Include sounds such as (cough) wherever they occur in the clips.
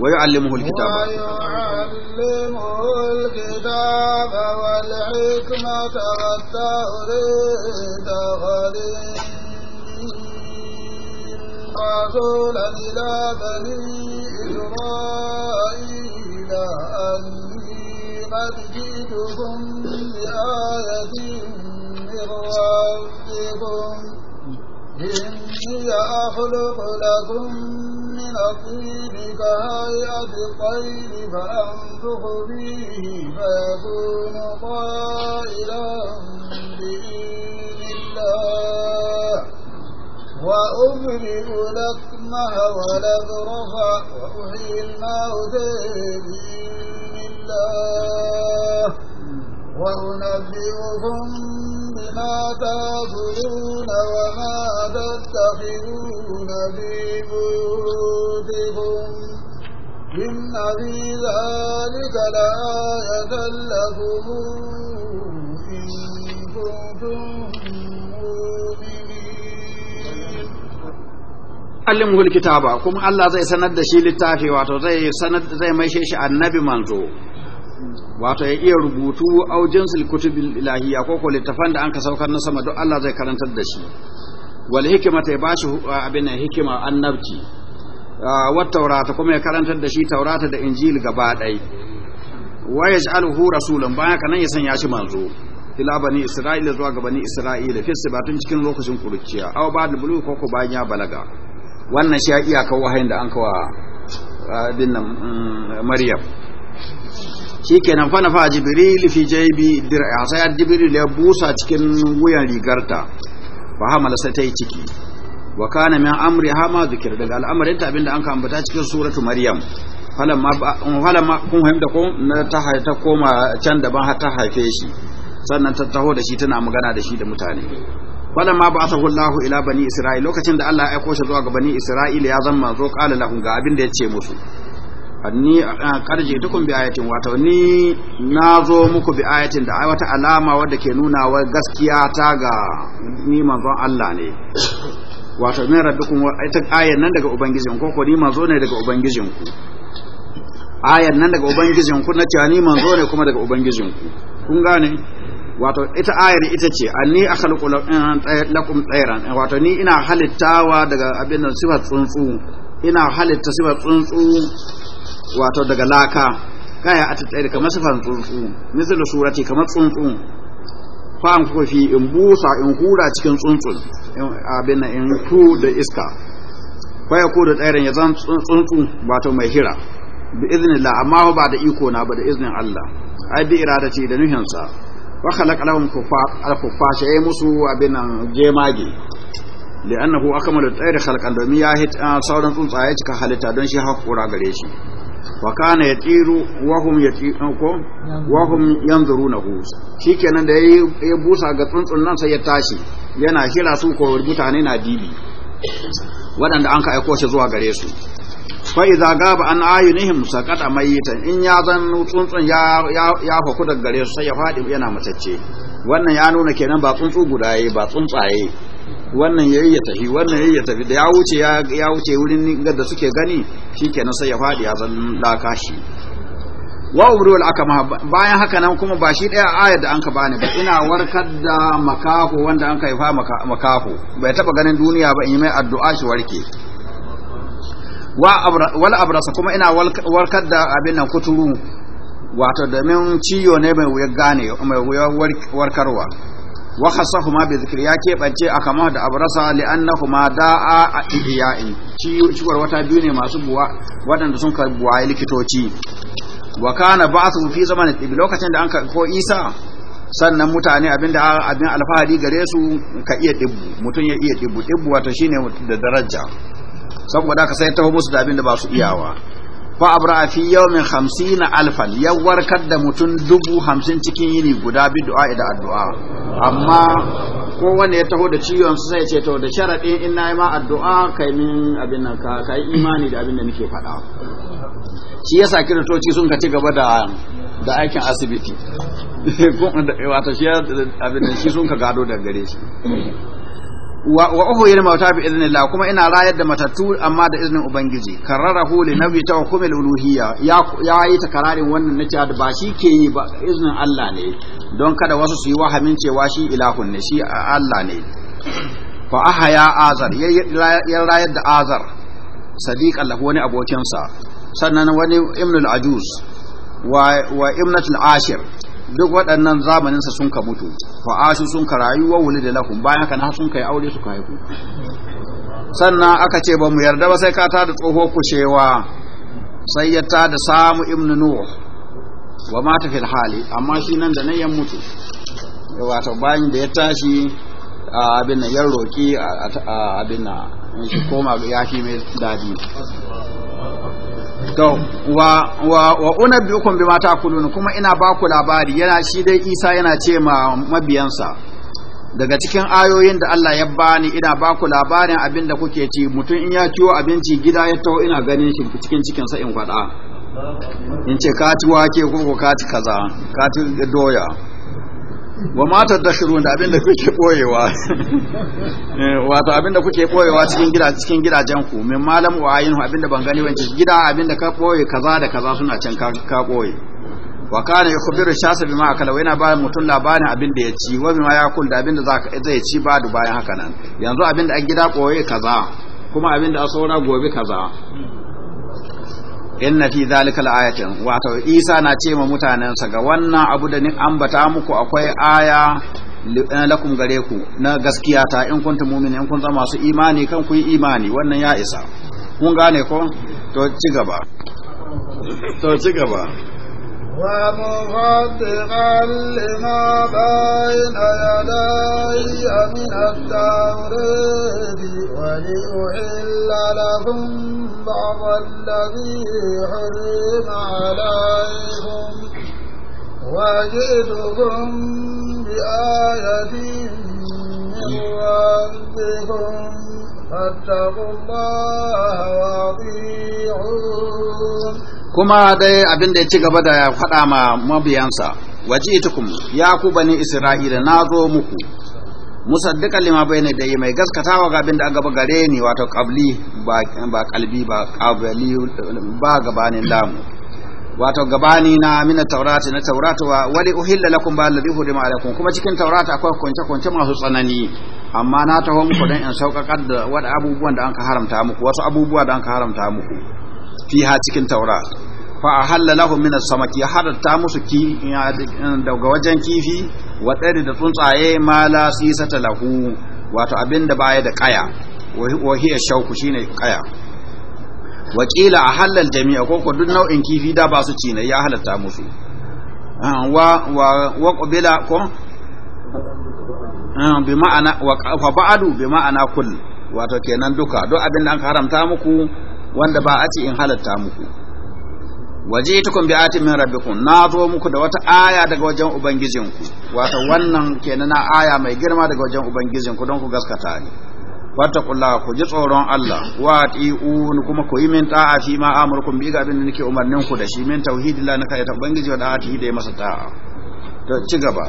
ويعلمه الكتاب ويعلمه الكتاب والحكمة والتوريد خليل رسولا إلى بني إسرائيل أني قد جئتكم بآية من ربكم إني أخلق لكم فيه كهيئة الطير فأنفخ فيه فيكون طائرا بإذن الله وأبرئ الأكمه والأبرص وأحيي الموت بإذن الله وأنبئكم ما تاكلون وما تتخذون في بيوتكم إن في ذلك لآية لكم إن كنتم allimul kitaba kuma Allah zai sanar da shi littafi wato zai sanar zai maishe shi annabi manzo wato ya iya rubutu au jinsul kutubil ilahiyya ko littafan da ka saukar na sama don Allah zai karantar da shi wal hikmata ya bashi abin nan hikima annabci wa taurata kuma ya karantar da shi taurata da injil gaba ɗaya wa yaj'aluhu rasulan baya kanan ya sanya shi manzo ila bani isra'ila zuwa ga bani isra'ila fi sibatun cikin lokacin kuruciya aw ba da bulu ko ko bayan ya balaga wannan shi ya iya kawo hayin da an kawo abin nan mm, maryam shikenan fa nafa jibril fi jaybi dir'a sai jibril ya busa cikin wuyan rigarta fa hamala sai ta yi ciki wa kana min amri hama zikir daga al'amarin ta abinda an ka ambata cikin suratu maryam halamma falamma kun fahimta ko na ta ta koma can da ban ta haife shi sannan ta taho da shi tana magana da shi da mutane falamma ba'athahu Allahu ila bani Isra'il lokacin da Allah ya aika shi zuwa ga bani Isra'il ya zama zo kala lahum ga da ya ce musu anni karje dukun bi ayatin wato ni zo muku bi ayatin da wata alama wadda ke nuna wa gaskiya ta ga ni manzon Allah ne wato min rabbikum ita ayan nan daga ubangijin ko ko ni manzo ne daga ubangijin ku ayan nan daga ubangijin ku na cewa ni manzo ne kuma daga ubangijin ku kun gane wato ita ayar ita ce anni akhluqu eh, eh, lakum tsairan wato ni ina halittawa daga abin nan sifar tsuntsu ina halitta sifar tsuntsu wato daga laka kaya a tattare kamar sifan tsuntsu misalu surati kamar tsuntsu fa'an kofi in busa in hura cikin tsuntsun abin na in ku da iska kwaya ko da tsairin ya zan tsuntsu wato mai hira bi izinin la amma ba da iko na ba da izinin Allah ai bi ce da nuhinsa wa khalaqa lahum kuffa ya musu abin nan gemage li'annahu akmalu tsairi khalqan domin ya hita, ah, sauran tsuntsaye cika halitta don shi hakura gare shi wa kana yatiru wa hum yatiru eh, wa hum yanzurunahu shikenan da ya busa ga tsuntsun nan sai ya tashi yana shira su ko mutane na dibi waɗanda an ka aiko shi zuwa gare su fa idza gaba an ayunihim saqata mayitan in ya zan tsuntsun ya ya daga gare su sai ya fadi yana matacce wannan ya nuna kenan ba tsuntsu gudaye ba tsuntsaye wannan yayi ya tafi wannan yayi ya tafi da ya wuce ya wuce wurin da suke gani shikenan sai ya fadi ya zan laka shi wa al akama bayan haka nan kuma ba shi daya ayar da anka bani ba ina warkar da makaho wanda anka yi fa makafo bai taba ganin duniya ba in yi mai addu'a shi warke wal abrasa kuma ina warkar da abin nan kuturu wato domin ciyo ne mai wuyar gane mai wuyar warkarwa wa ma bi zikri ya kebance akama da abrasa li annahuma da'a ihya'in ciwar wata biyu ne masu buwa wadanda sun ka buwa likitoci wa kana ba'thu fi zamanin tibi lokacin da an ka ko Isa sannan mutane abinda abin alfahari gare su ka iya dibbu mutun ya iya dibbu dibbu wato shine da daraja saboda ka sai taho musu da abinda ba su iyawa fa abra fi yawmin 50 alfan ya warkar da mutum dubu hamsin cikin yini guda bi du'a da addu'a amma ko wanda ya taho da ciwon su sai ce to da sharadin in nayi ma addu'a kai min abin nan ka kai imani da abin da nake faɗa shi yasa kiristoci sun ka ci gaba da da aikin asibiti (laughs) wato shi abin da shi sun ka gado da gare shi wa uhyir mauta bi idnillah kuma ina rayar da matattu amma da iznin ubangiji karrarahu li nabi al uluhiyya ya ya yi kararin wannan nace da ba shi ke yi ba iznin Allah ne don kada wasu su yi wahamin cewa shi ilahun ne shi Allah ne fa ahaya azar ya rayar da azar sadiq Allah wani abokin sannan wani ibn al-ajuz wa wa ibnatul ashir duk waɗannan zamaninsa sun ka mutu fa'ashi sun ka rayu wa da lahum bayan ka na sun kai aure suka haihu sannan aka ce ba mu yarda ba sai ka ta da tsoho kushewa sai ya ta da samu ibnu nuh wa ta fil hali amma shi nan da nan ya mutu wato bayan da ya tashi abin nan ya roki abin nan shi koma ya fi mai dadi to wa wa wa unabbiukum bima ta'kulun kuma ina baku labari yana shi dai Isa yana ce ma mabiyansa daga cikin ayoyin da Allah ya bani ina baku labarin abinda kuke ci mutum in ya ciwo abinci gida ya taho ina ganin shi cikin cikinsa in faɗa in ce ka ci wake ko ka ci kaza ka ci doya wa mata da shiru da abinda kuke koyewa eh, wato abinda kuke boyewa cikin gida cikin gidajen ku min malam wa ayinu abinda ban gani wancan gida abinda ka koye kaza da kaza suna can ka koye wa kana yukhbiru shasa bima akala yana ba mutun labarin abinda ya ci wa bima ya kul da abinda zai ci ba du bayan haka nan yanzu abinda an gida koye kaza kuma abinda a saura gobe kaza inna fi zalikal ayatin wato isa na ce ma mutanensa ga wannan abu da ni ambata muku akwai aya lakum gare ku na gaskiya ta in kuntum mu'minin in kun masu imani kan ku yi imani wannan ya isa kun gane ko to ci gaba to ci gaba ومصدقا لما بين يدي من التوريد وليحل لهم بعض الذي حرم عليهم واجدهم بآية من ربكم فاتقوا الله kuma dai abin da ya ci gaba da faɗa ma mabiyansa waje tukum ya ku bani isra'ila na zo muku musaddika lima bai ne da yi mai gaskatawa ga abin da an gaba gare ni wato kabli ba kalbi ba kabali ba gabanin lamu wato gabani na mina taurati na Taurati wa wali uhilla lakum ba alladhi hudima alaikum kuma cikin taurata akwai kunce kunce masu tsanani amma na taho muku dan in saukakar da wani abubuwan da an ka haramta muku wasu abubuwa da an ka haramta muku fiha cikin taura fa a lahum min as-samaki haratta musu daga wajen kifi wa da tsuntsaye ma la sisata lahu wato abinda baya da kaya wahi a shauku shine kaya ƙaya. Wakila a al-jami'a ko duk nau'in kifi da ba su ci ya halatta musu ah, wa wa wa ko ah, bi ma'ana wa ba'adu bi ma'ana kul wato kenan duka duk da an haramta muku wanda ba a ce in halatta muku waje ta kun bi'ati min rabbikum na zo muku da wata aya daga wajen ubangijinku wato wannan kenan na aya mai girma daga wajen ubangijinku don ku gaskata ne kula ku ji tsoron Allah wa ni kuma ku yi min ta'a fi ma amurkum bi ga abin da nake umarnin ku da shi min tauhidillahi na kai ta ubangiji wa ati da masa ta'a to ci gaba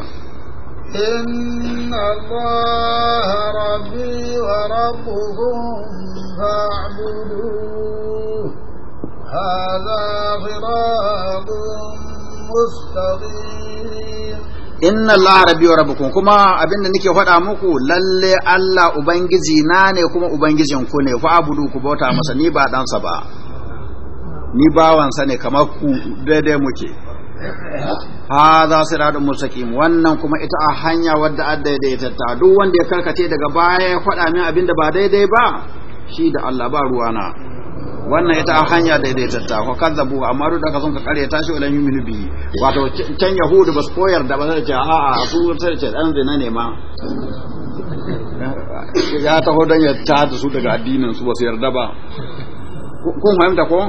إن الله ربي وربكم فاعبدوه هذا صراط مستقيم إن kuma abinda faɗa muku lalle Allah ubangiji na ne kuma ubangijin ku ne fa abudu ku bauta masa ni ba dan ba ni bawansa ne kamar ku daidai muke hadha siratun mustaqim wannan kuma ita a hanya wadda an daidaitatta duk wanda ya karkace daga baya ya faɗa min abin da ba daidai ba shi da Allah ba ruwana wannan ita a hanya daidaitatta ko kazzabu amma duk da ka sun ka kare ta shi ulan yuminu bi wato can yahudu ba su koyar da ba sai ce a'a su sai ce dan zina ne ma ya taho dan ya ta su daga addinin su ba su yarda ba kun fahimta ko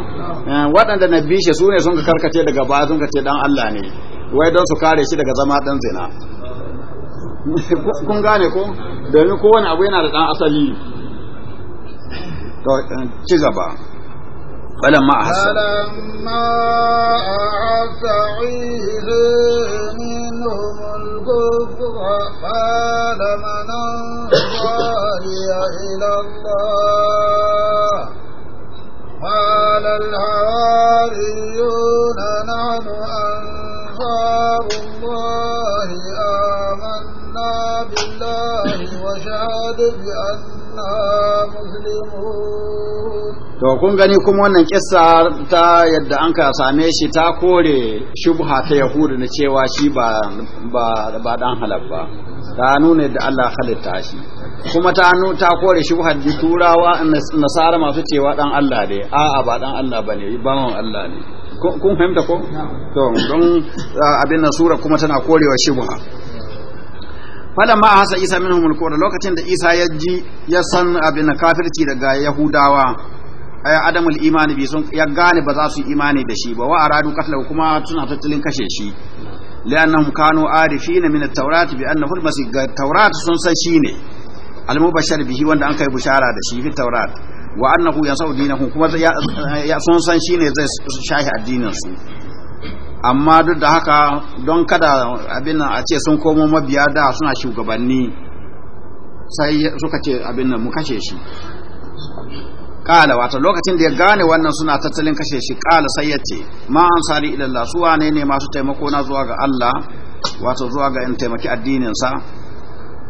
eh, waɗanda na bishe su ne sun ka karkace daga ba sun ka ce dan Allah ne wai don su kare shi daga zama dan zina kun gane ko domin kowane abu yana da dan asali to eh, ci gaba فلما أحس فلما أحس منهم الكفر قال من أنصاري إلى الله قال الحواريون نحن أنصار الله آمنا بالله وشهد بأننا مسلمون to kun gani kuma wannan kissa ta yadda an ka same shi ta kore shubha ta yahudu na cewa shi ba ba dan halabba ta nuna yadda Allah halitta shi kuma ta hannu ta kore shubhar turawa nasara masu cewa dan Allah ne a'a ba dan Allah ba bawan Allah ne kun fahimta ko to don abin nan sura kuma tana korewa buha fala ma hasa isa minhum da lokacin da isa ya ji ya san abin kafirci daga yahudawa ay adamul imani bi sun ya gane ba za su imani da shi ba wa aradu katlahu kuma suna tattalin kashe shi li'annahum kanu arifina min at-taurati bi annahu al-masih taurat sun san shi ne. al-mubashshar bihi wanda an kai bushara da shi fit taurat wa annahu yasau dinahum kuma ya sun san shine zai shahi addinin su amma duk da haka don kada abin a ce sun komo mabiya da suna shugabanni sai suka ce abin nan mu kashe shi kala wata lokacin da ya gane wannan suna tattalin kashe shi kala sai ya ce ma ansari ilallah su wane ne masu taimako na zuwa ga Allah wato zuwa ga in taimaki addininsa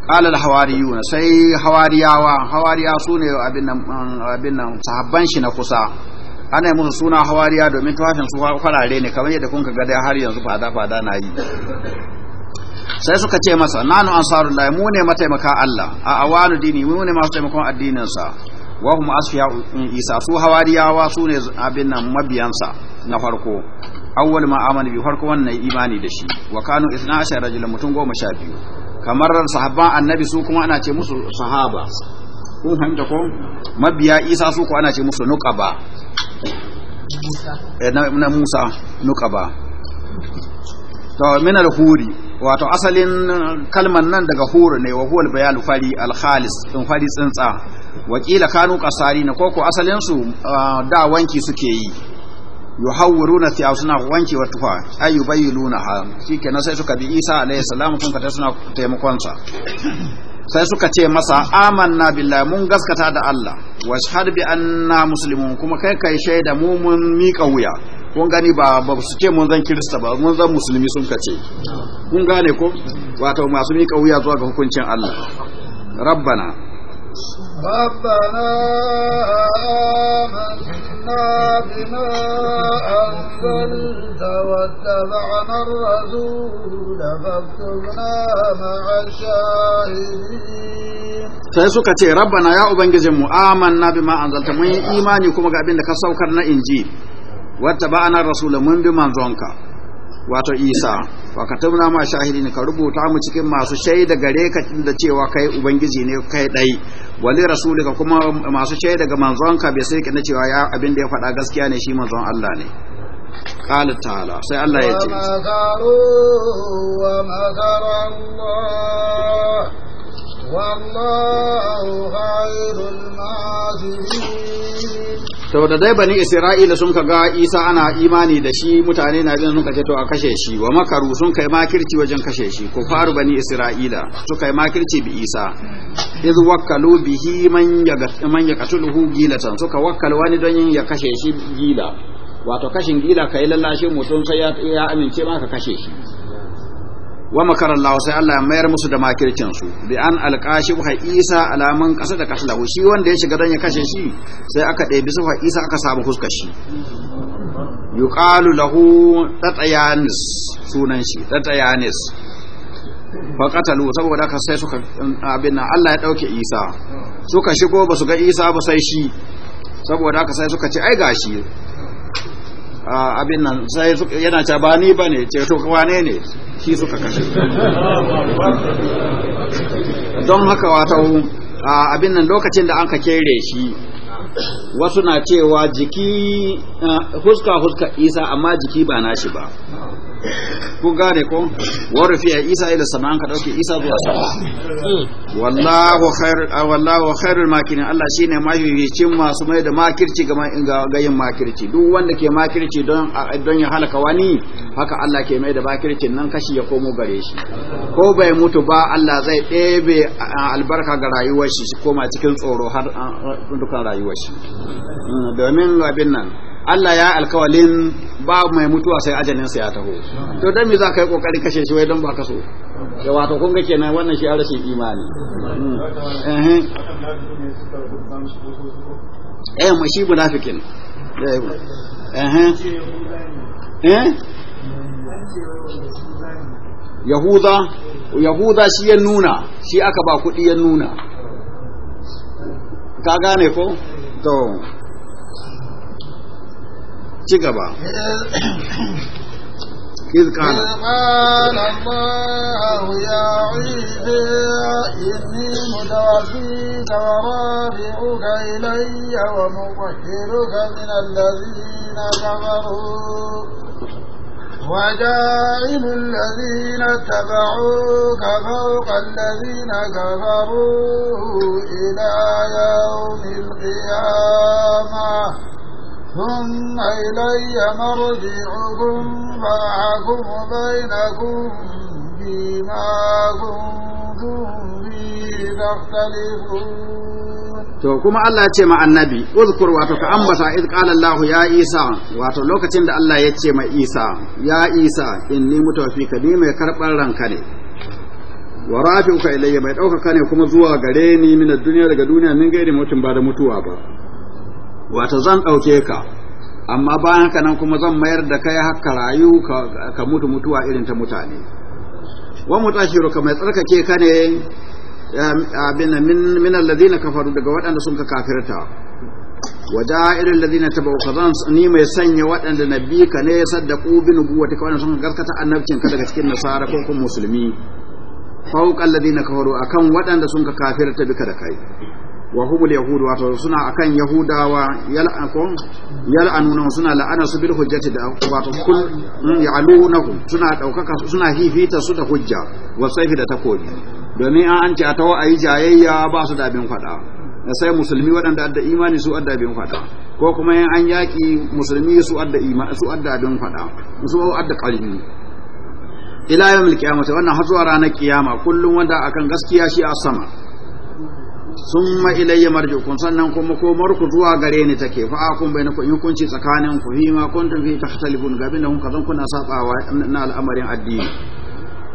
qala al hawariyuna sai hawariyawa hawariya sune abin nan abin nan sahabban shi na kusa ana yi musu suna hawariya domin tufafin su farare ne kamar yadda kun ga dai har yanzu fada fada na yi sai suka ce masa nanu ansarullahi mu ne mataimaka Allah a awanu dini mu ne masu taimakon addinin sa wa hum asfiya isa su hawariyawa su ne abin nan mabiyansa na farko awwal ma amana bi farko wannan imani da shi wa kanu 12 rajulan mutum goma sha biyu. kamar sahaba annabi su kuma ana ce musu sahaba kun hanta ko mabiya isa su ko ana ce musu nuqaba eh, na musa nuqaba to min al-huri wato asalin kalman nan daga huru ne wa huwa al-bayan fari al-khalis in fari tsantsa wakila kanu qasari na koko asalin su ah, da wanki suke yi yuhawwiruna fi suna wanke wa tufa ay yubayyinuna ha shikenan sai suka bi Isa alayhi salam sun ka suna taimakon sa (clears throat) sai suka ce masa amanna billahi mun gaskata da Allah wa shahad bi anna muslimun kuma kai kai shaida mu mun mika wuya kun gani ba ba su ce mun zan kirista ba mun zan musulmi sun kace kun gane ko wato masu mika wuya zuwa ga hukuncin Allah rabbana rabbana amanna آمنا بما أنزلت واتبعنا الرسول فاكتبنا مع الشاهدين sai suka ce rabbana ya ubangijinmu na bima anzalta mun yi imani kuma ga abin da ka saukar na inji wata rasu rasulun mun bi manzonka wato isa wa ka tabna ma shahidi ka rubuta mu cikin masu shaida gare ka da cewa kai ubangiji ne kai dai wali rasulika kuma masu ce daga manzonka bai sai na cewa ya abin da ya faɗa gaskiya ne shi manzon Allah ne qala ta'ala sai Allah ya ce wa to da dai bani isra'ila sun kaga isa ana imani da shi mutane na jin sun kace to a kashe shi wa makaru sun kai makirci wajen kashe shi ko faru bani isra'ila su kai makirci bi isa iz wakkalu bihi man yaga man yaqtuluhu gilatan suka wakkal wani don yin ya kashe shi gila wato kashin gila kai lallashe mutum sai ya amince maka kashe shi wa makarar Allah sai Allah mayar musu da makircin su bi an alqashi wa Isa alaman kasa da kaslahu shi wanda ya shiga dan ya kashe shi sai aka ɗebi su Isa aka samu huskar shi yuqalu lahu tatayanis sunan shi tatayanis fa qatalu saboda ka sai suka abinna Allah ya dauke Isa suka shigo ba su ga Isa ba sai shi saboda ka sai suka ce ai gashi abin nan sai yana ta ba ni ba ne ce to wane ne shi suka kashe don haka wata abin nan lokacin da an ka kere shi wasu na cewa jiki huska huska isa amma jiki ba nashi ba ku gane ko wa fiye isa ila sama an ka dauke isa zuwa sama wallahu khair wallahu khairul makini Allah shine mahiyicin masu mai da makirci ga ga yin makirci duk wanda ke makirci don don ya halaka wani haka Allah ke mai da makircin nan kashi ya komo gare shi ko bai mutu ba Allah zai ɗebe albarka ga rayuwar shi koma cikin tsoro har dukan rayuwar shi hmm, domin abin nan Allah ya alkawalin ba mai mutuwa sai ajalinsa ya taho to dan me za ka yi kokari kashe shi wai don ba ka so da wato kun ga kenan wannan shi rashin imani eh eh eh shi munafikin eh eh yahuda yahuda shi ya nuna shi aka ba kuɗi ya nuna ka gane ko to ci gaba izkan Allahu ya uzi inni mudawi tawari min alladhina kafaru وجائل الذين تبعوك ثم إلي مرجعكم فأحكم بينكم فيما كنتم فيه تختلفون to kuma Allah ya ce ma annabi uzkur wato ka ambata id qala Allah ya Isa wato lokacin da Allah ya ce ma Isa ya Isa inni mutawfika bi mai karban ranka ne wa rafi'uka ilayya mai dauka kane kuma zuwa gare ni min duniya daga duniya min gaire mutum ba da mutuwa ba wata zan ɗauke ka amma bayan ka nan kuma zan mayar da kai haka rayu ka mutu mutuwa irin ta mutane wa mutashiru ka mai tsarkake ka ne eh, abin min ka kafaru daga waɗanda sun ka kafirta wa da'ir alladhina tabu ka zan ni mai sanya waɗanda nabi ka ne saddaku bi nubuwati ka waɗanda sun gaskata annabcin ka daga cikin nasara ko kuma musulmi fawqa alladhina kafaru akan waɗanda sun ka kafirta bika da kai wa humul yahud wato suna akan yahudawa yal'anun yal'anuna suna la'ana su bil hujjati da wato kul mm, ya'lunahu suna daukaka suna hifita su da hujja wa saifi da takobi domin an an a tawo ayi jayayya ba su da abin fada na sai musulmi waɗanda adda imani su adda abin fada ko kuma yan an yaki musulmi su adda imani su adda abin fada su adda qalbi ila yawmil qiyamah wannan har zuwa ranar kiyama kullum wanda akan gaskiya shi a sama summa ilayya marjukum sannan kuma ko marku zuwa gare ni take fa akun bai ku yi kunci tsakanin ku fima kuntum fi tahtalifun gabin da kun kuna sabawa na al'amarin addini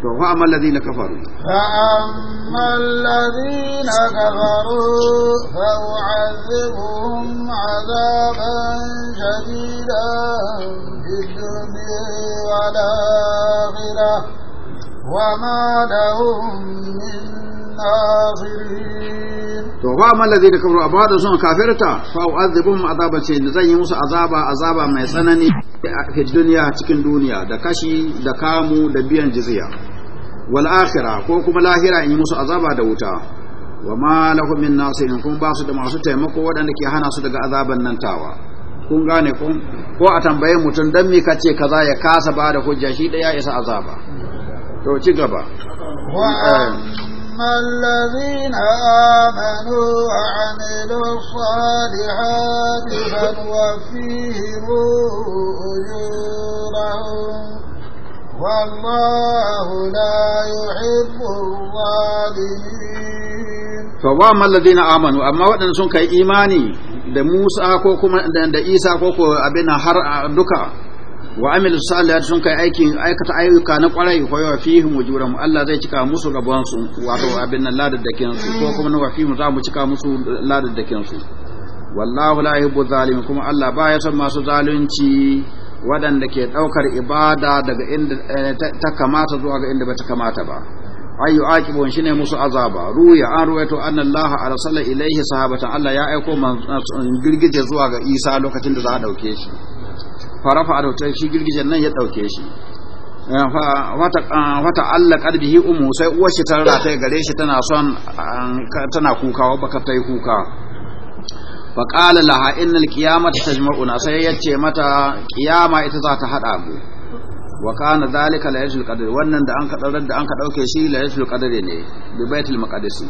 to fa amma alladhina kafaru fa amma alladhina kafaru fa u'adhibuhum 'adaban shadidan fid dunya wal akhirah wa ma lahum min الكافرين to ba man ladai da kafaru amma da sun kafirta fa u'adhibuhum azaban shadid zan yi musu azaba azaba mai tsanani a duniya cikin duniya da kashi da kamu da biyan jizya wal akhirah ko kuma lahira in yi musu azaba da wuta wa ma lahum min nasirin kun ba su da masu taimako waɗanda ke hana su daga azaban nan tawa kun gane kun ko a tambaye mutum dan me kace kaza ya kasa ba da hujja shi da ya isa azaba to ci gaba eh. أما الذين آمنوا وعملوا الصالحات فنوفيهم أجورهم والله لا يحب الظالمين فواما الذين آمنوا أما وأن سنك إيماني da Musa ko kuma da Isa ko ko abin har duka wa amilu salihat sun kai aikin aikata ayyuka na kwarai fa yawa fihi wujuram Allah zai cika musu gaban su wato abin nan ladaddakin su ko kuma wa fihi za mu cika musu ladaddakin su wallahu la yuhibbu zalimin kuma Allah baya son masu zalunci wadanda ke ɗaukar ibada daga inda eh, ta kamata zuwa ga inda bata kamata ba ayu aqibun shine musu azaba ruya an ruwaito anna Allah arsala ilaihi sahabatan Allah ya aiko man girgije zuwa ga Isa lokacin da za a dauke shi farafa a dautar shi girgijen nan ya ɗauke shi eh, eh, wata Allah ƙarbihi umu sai uwashi ta rata gare shi tana son eh, tana kukawa baka ta yi kuka ba qala laha innal qiyamata na sai yace mata kiyama ita za ta hada mu wa kana la laylatul wannan da an ka da an ka dauke shi laylatul qadr ne bi baitul maqdis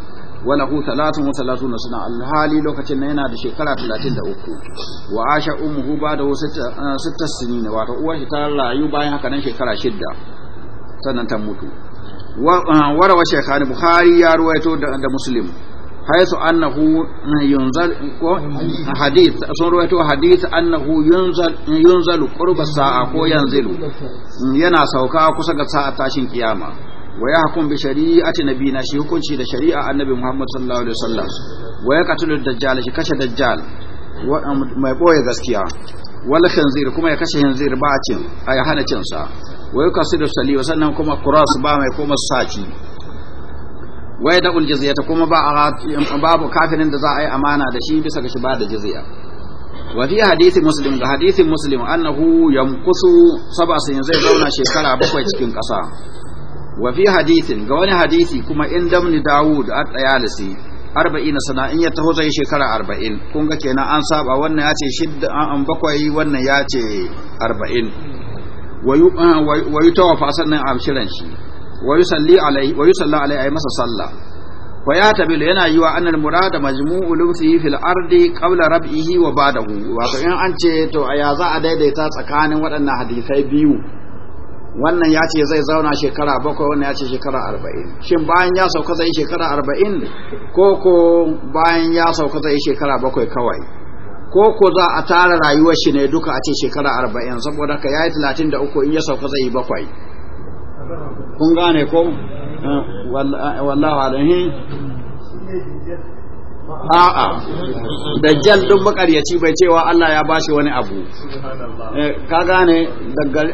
walahu talatu wa talatu na suna alhali lokacin na yana da shekara talatin da uku wa asha da wasu sittarsu ah, ne ne wata uwa shi ta rayu bayan haka nan shekara shida sannan ta mutu warawa ah, shekaru buhari ya ruwa ya to da musulim haisu annahu ah, yunzal ko hadith sun ruwa ya to hadith annahu yunzal kurbasa ko yanzu yana sauka kusa ga sa'a tashin kiyama wa yahkum bi shari'ati nabina shi hukunci da shari'a annabi Muhammad sallallahu alaihi wasallam wa yaqtulu dajjal shi kashe dajjal um, mai boye gaskiya wala khanzir kuma ya kashe khanzir ba cin a ya hana cin sa wa sali wa sannan kuma kuras ba mai kuma saci wa ya da'ul jizyata kuma ba babu kafirin da za a yi amana da shi bisa ga shi ba da jizya wa fi hadisi muslim ga hadisi muslim annahu yamqusu sab'a sai zai zauna shekara bakwai cikin kasa wa fi hadithin ga wani hadisi kuma in damni dawud at tayalisi arba'in sana sana'in ya taho zai shekara arba'in kun ga kenan an saba wannan ya ce shidda an bakwai wannan ya ce arba'in wa yi tawafa sannan a shirin shi wa yi salli alai a yi masa sallah wa ya tabilu yana yi wa annar da majmu'u lumfi fil ardi qabla rab'ihi wa hu? wato in an ce to a ya za a daidaita tsakanin waɗannan hadisai biyu wannan ya ce zai zauna shekara bakwai wannan ya ce shekara arba'in shin bayan ya sauka zai shekara arba'in ko ko bayan ya sauka zai shekara bakwai kawai ko ko za a tara rayuwar shi ne duka a ce shekara arba'in saboda ka yi talatin da uku in ya sauka zai yi bakwai kun gane ko eh, eh, wallahu alaihi a'a dajjal duk makaryaci bai cewa Allah ya ba shi wani abu eh, ka gane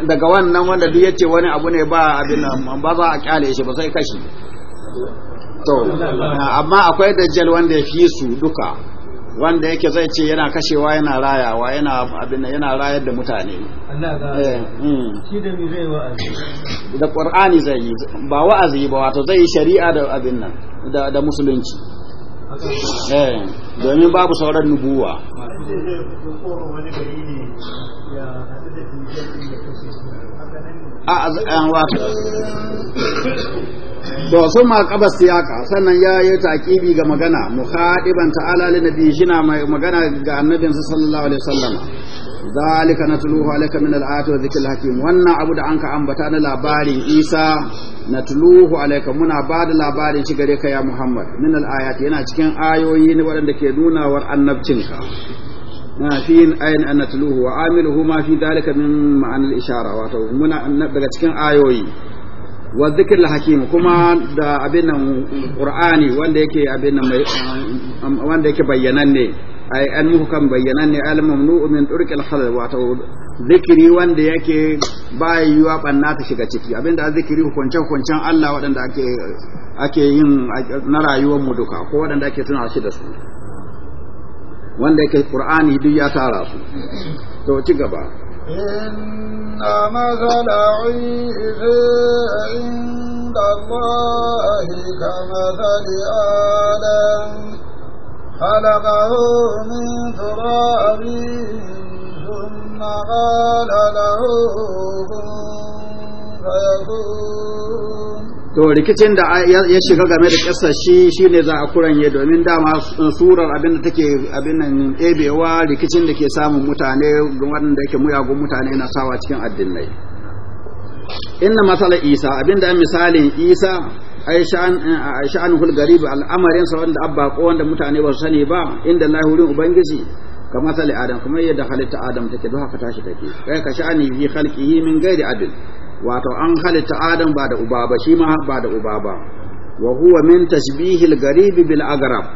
daga wannan wanda duk yace wani abu ne ba abin nan ba za a kyale shi ba sai kashi to amma akwai dajjal wanda ya fi su duka wanda yake zai ce yana kashewa yana rayawa yana abin yana rayar da mutane eh, hmm. shi da mi zai wa'azi da qur'ani zai yi ba wa'azi ba wato zai yi shari'a da abin nan da musulunci Eh, domin babu sauran nubuwa ah, to sun ma kaba siyaka sannan ya yi taƙibi ga magana mu ban ta'ala lina shi na magana ga annabinsa sallallahu alaihi wasallama zalika natluhu alayka min al-ayati wa dhikril hakim wannan abu da anka ambata na labarin Isa natluhu alayka muna ba da labarin shi gare ka ya Muhammad min al-ayati yana cikin ayoyi ne waɗanda ke nuna nunawar ka na fi ayin an natluhu wa amiluhu ma fi zalika min ma'anil ishara wato muna daga cikin ayoyi wa dhikril hakim kuma da abin nan Qur'ani wanda yake abin nan wanda yake bayyananne ay an muku kan bayyana ne al-mamnu'u min turqil wa wato zikiri wanda yake ba yiwa banna ta shiga ciki abinda zikiri hukunce hukuncen Allah waɗanda ake ake yin na rayuwar mu duka ko waɗanda ake tuna shi da su wanda yake Qur'ani duk ya tara su to ci gaba inna zala inda Allah kama zali adam خلقه من تراب ثم قال له To rikicin da ya shiga game da ƙasar shi shi ne za a kuranye domin dama surar abin da take abin nan ɗebewa rikicin da ke samun mutane waɗanda yake muyagun mutane na sawa cikin addinai. Inna matsala Isa abin da misalin Isa ai sha'anul garib al'amarin sa wanda abba ko wanda mutane ba su sani ba inda Allah wurin ubangiji kamar sali adam kuma yadda halitta adam take don haka tashi take kai ka sha'ani fi khalqihi min ghairi adl wato an halitta adam ba da uba ba shi ma ba da uba ba wa huwa min tashbihil garib bil agrab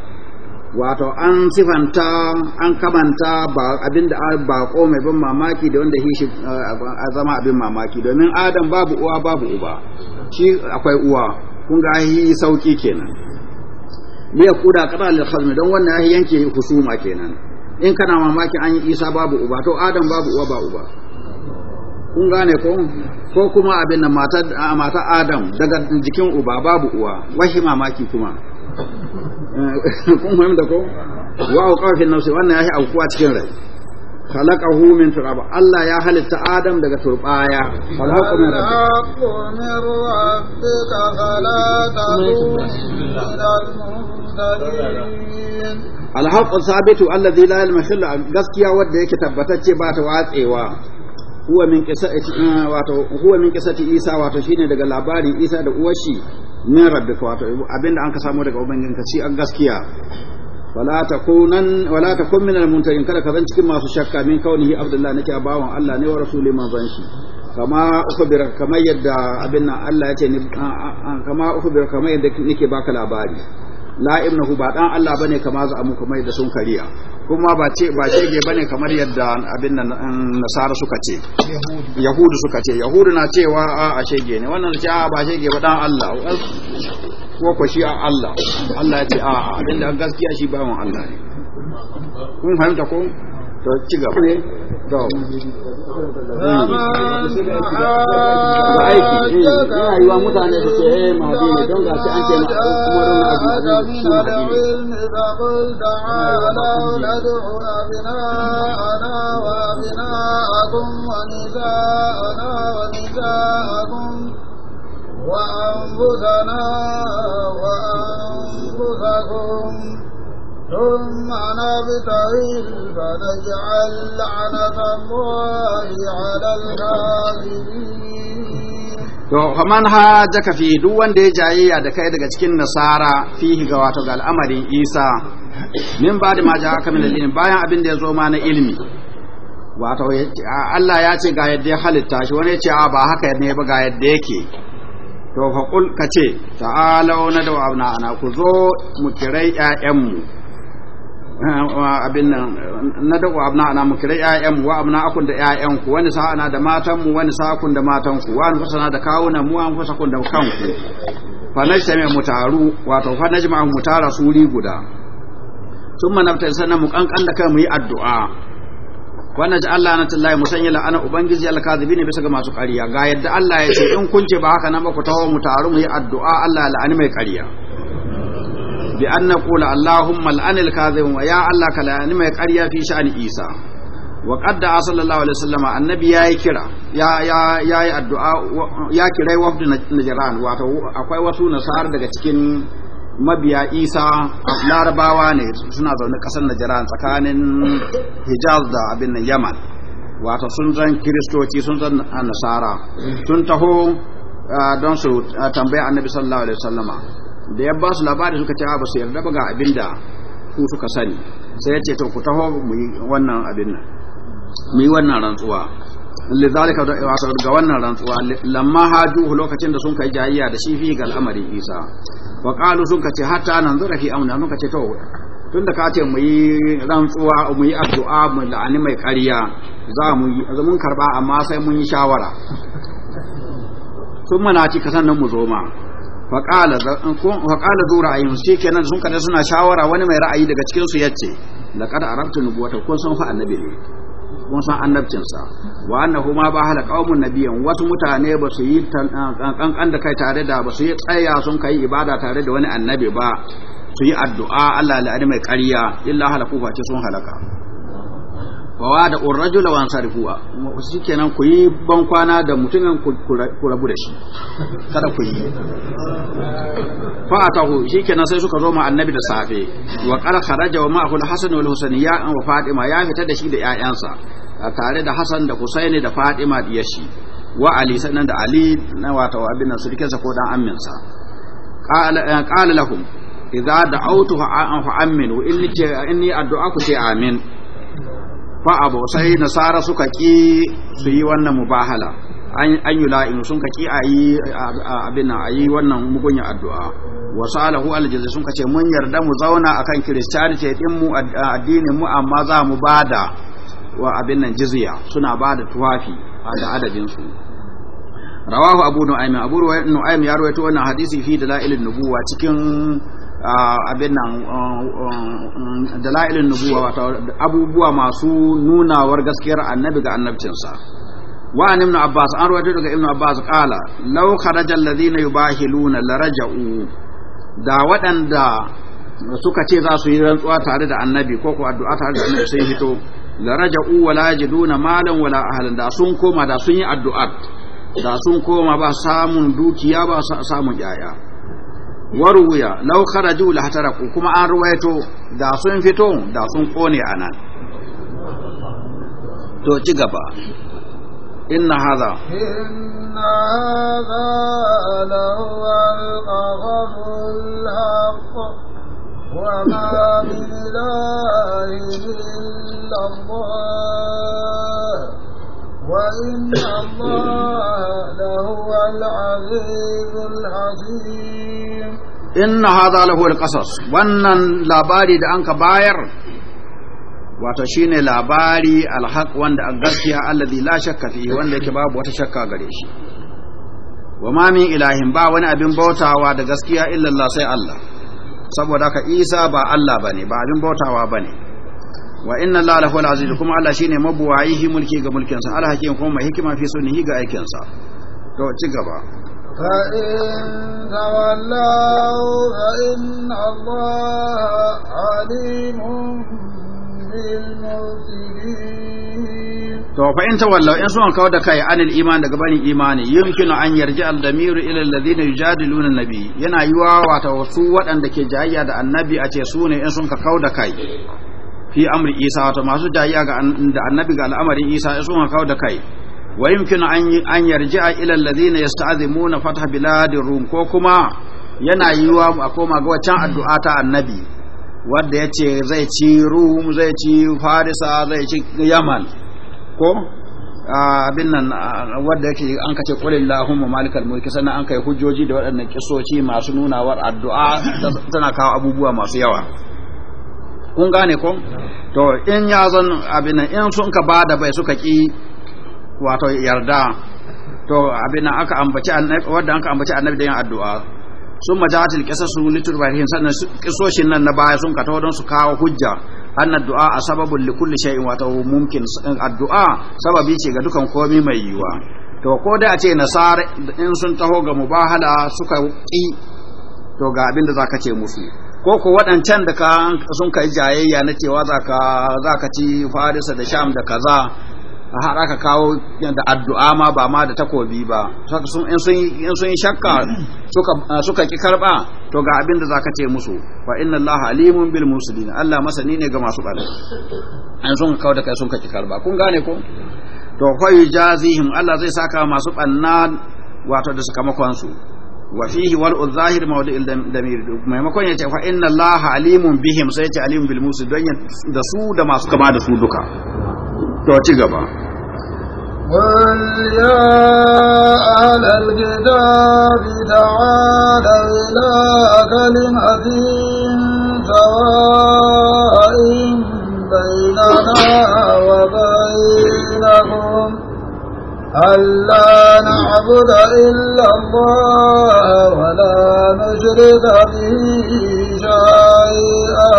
wato an sifanta an kamanta ba abinda bako mai ban mamaki da wanda shi zama abin mamaki domin adam babu uwa babu uba shi akwai uwa kun ga yi sauki kenan ya kuda kada lil khazmi dan wannan ai yanke husuma kenan in kana mamaki an yi Isa babu uba to Adam babu uwa ba uba kun gane ko ko kuma abin nan mata mata Adam daga jikin uba babu uwa washi mamaki kuma eh, (laughs) kun fahimta ko wa qafin nafsi wannan ya aukuwa cikin rai khalaqahu min turab Allah ya halitta Adam daga turbaya khalaqahu min rabbika alhaqqu sabitu alladhi la yalmashilu gaskiya wanda yake tabbatacce ba ta watsewa huwa min qisati wato huwa min qisati Isa wato shine daga labarin Isa da uwar shi min rabbika wato abinda an ka samu daga ubangin ka shi an gaskiya wala takunan wala takun minal muntarin kada ka zan cikin masu shakka min kaunihi abdullahi nake bawan Allah ne wa rasuli manzon shi kama ukhbir kamar yadda abin nan Allah ya ce kama ukhbir kamar yadda nake baka labari la ibnahu ba dan Allah bane kamar za mu kuma yadda sun kariya kuma ba ce ba ce bane kamar yadda abin nan um, nasara suka ce yahudu suka ce yahudu na cewa a a shege ne wannan ce a ba shege ba dan Allah ko ko shi a Allah Allah ya ce a a abin da gaskiya shi bawon Allah ne kun fahimta ko to ci gaba to rayuwa mutane su don na وأنفسنا وأنفسكم ثم نبتهل فنجعل لعنة الله على الكاذبين To, man ha jaka fi duk wanda ya jayayya da kai daga cikin nasara fihi ga wato ga al'amarin Isa, min ba da ma ja aka min bayan abin da ya zo ma na ilimi. Wato, Allah ya ce ga yadda ya halitta shi, wani ya ce, a ba haka ne ba ga yadda yake. To, faƙul ka ce, ta'alau na da wa ana ku zo mu kirai ‘ya'yanmu, Eh, abin nan na da abna ana mu kira ƴaƴan mu wa abna akun da ƴaƴan ku wani sa ana da matan mu wani sa akun da matan ku wa na da kawuna mu an fusa kun da kanku fa me mu taru wato fa najma mu tara suri guda thumma nabta sanan mu kankan da kai mu yi addu'a Wannan ji Allah na tallahi mu sanya la'ana ubangiji al-kadhibina bisa ga masu ƙarya ga yadda Allah ya ce in kun ce ba haka nan ba ku tawo mu taru mu yi addu'a Allah la'ani mai ƙarya bi an kula allahumma al'anil kadhib wa ya allah ka la'ani mai ƙarya fi sha'an isa wa a sallallahu alaihi sallama annabi ya yi kira ya ya addu'a ya kirai na najran wato akwai wasu nasar daga cikin mabiya isa larabawa ne suna zaune kasar najran tsakanin hijaz da abin yaman wato sun zan kiristoci sun zan nasara sun taho ah, don su ah, tambaya annabi sallallahu alaihi wasallama da ya ba su labari suka ce a ah, ba su yarda ba ga abin da ku suka sani sai ya ce to ku taho mu yi wannan abin nan mu yi wannan rantsuwa lizalika da wasu ga wannan rantsuwa lamma haju lokacin da sun kai jayayya da shi fi ga al'amari isa wa qalu sun kace hatta nan zura fi auna muka ce to da ka ce mu yi rantsuwa mu yi addu'a mu la'ani mai ƙarya za mu yi azumin karba amma sai mun yi shawara sun mana ci kasan nan mu zo ma faƙala zu ra'ayin shi kenan sun kada suna shawara wani mai ra'ayi daga cikin su yace da kada arabtu nubuwata kun san fa annabi ne kun san annabcinsa wa annahu ma ba hala qaumun nabiyyan wasu mutane ba su yi kankan da kai tare da ba su yi tsaya sun kai ibada tare da wani annabi ba su yi addu'a Allah la'ani mai ƙarya illa halaku ba ce sun halaka wa da urrajul wa ansarifu shi kenan ku yi ban kwana da mutumin ku rabu da shi kada ku yi fa atahu shi kenan sai suka zo ma annabi da safe wa qala kharaja wa ma'ahu al-hasan wal husaini ya wa fatima ya fita da shi da ƴaƴansa tare da hasan da husaini da fatima diyar shi wa ali sannan da ali na wata abin sulkensa ko dan sa qala eh, qala lahum idza da'awtu fa amin wa inni addu'a ku amin fa abu sai nasara suka ki su yi wannan mubahala an yi la'inu sun ka ki a yi abin a yi wannan mugunya addu'a wasu alahu aljizu sun ka ce mun yarda mu zauna akan kiristiyanci din mu addinin mu amma za mu ba da wa abin nan jizya suna ba da tuwafi a da adadinsu. rawahu abu nu'aym abu nu'aym ya rawaito wannan hadisi fi da lailin nubuwa cikin abin nan dala'ilin nubuwa wata abubuwa masu nunawar gaskiyar annabi ga annabcinsa wa an ibn abbas an rawaito daga ibn abbas qala law kharaja alladhina yubahiluna laraja'u da waɗanda suka ce za su yi rantsuwa tare da annabi ko ko addu'a tare da annabi sai hito, laraja'u wala yajiduna malan wala ahlan da sun koma da sun yi addu'a da sun koma ba samun dukiya ba samun yaya waruya law kharaju la hataraku kuma an ruwaito da sun fito da sun kone anan to ci gaba inna hadha inna hadha al qawlul haqq wa ma billahi illa allah وإن الله لهو العزيز الحكيم إن هذا لهو القصص wannan labari da anka bayar wato shine labari alhaq wanda a gaskiya alladhi la shakka fi wanda yake babu wata shakka gare shi wa ma min ilahin ba wani abin bautawa da gaskiya illallah sai Allah saboda haka Isa ba Allah bane ba abin bautawa bane wa inna allaha lahu al-aziz kuma Allah shine mabuwaihi mulki ga mulkin sa al-hakim kuma mai hikima fi sunnihi ga aikin sa to ci gaba fa in wallahu fa inna allaha alimun bil mufsidin to fa in tawallu in sun kawo da kai anil iman daga bani imani yumkinu an yarji al-damiru ila alladhina yujadiluna an-nabi yana yiwa wata wasu waɗanda ke jayayya da annabi a ce su ne in sun ka kawo da kai fi amri isa wato masu jayya ga annabi ga al'amarin isa ya suma kawo da kai wa yumkinu an yarji'a ila alladhina yasta'zimuna fatha biladir rum ko kuma yana yiwa a koma ga wancan addu'a ta annabi wanda yace zai ci rum zai ci farisa zai ci yaman ko abin nan wanda yake an kace qul malikal mulki sannan an kai hujjoji da waɗannan kisoci masu nunawar addu'a tana kawo abubuwa masu yawa kun gane ko to in ya zan abin in sun ka bada bai suka ki wato yarda to abin aka ambaci annabi wanda aka ambaci annabi da yin addu'a sun majatil litur bahin sannan kisoshin nan na baya sun ka ta don su kawo hujja anna du'a a li kulli shay'in mumkin addu'a sababi ce ga dukan komai mai yiwa to ko da a ce nasara in sun taho ga mubahala suka ki to ga abin da zaka ce musu ko ko waɗancan da sun kai jayayya na cewa za ka ci farisa da sham da kaza har aka kawo da addu'a ma ba ma da takobi ba in sun yi shakka suka ki karɓa to ga abin da ka ce musu fa inna Allah alimun bil musulin Allah masani ne ga masu ɓarna an sun kawo da kai sun ki karɓa. kun gane ko to fa yujazihim Allah zai saka masu ɓanna wato da sakamakon su wa fihi wal zahir mawdi'ul damir maimakon yace fa inna allaha alimun bihim sai yace alimun bil musu don da su da masu kama da su duka to ci gaba قل يا أهل الكتاب تعالوا إلى كلمة سواء بيننا وبينكم ألا نعبد إلا الله ولا نشرك به شيئا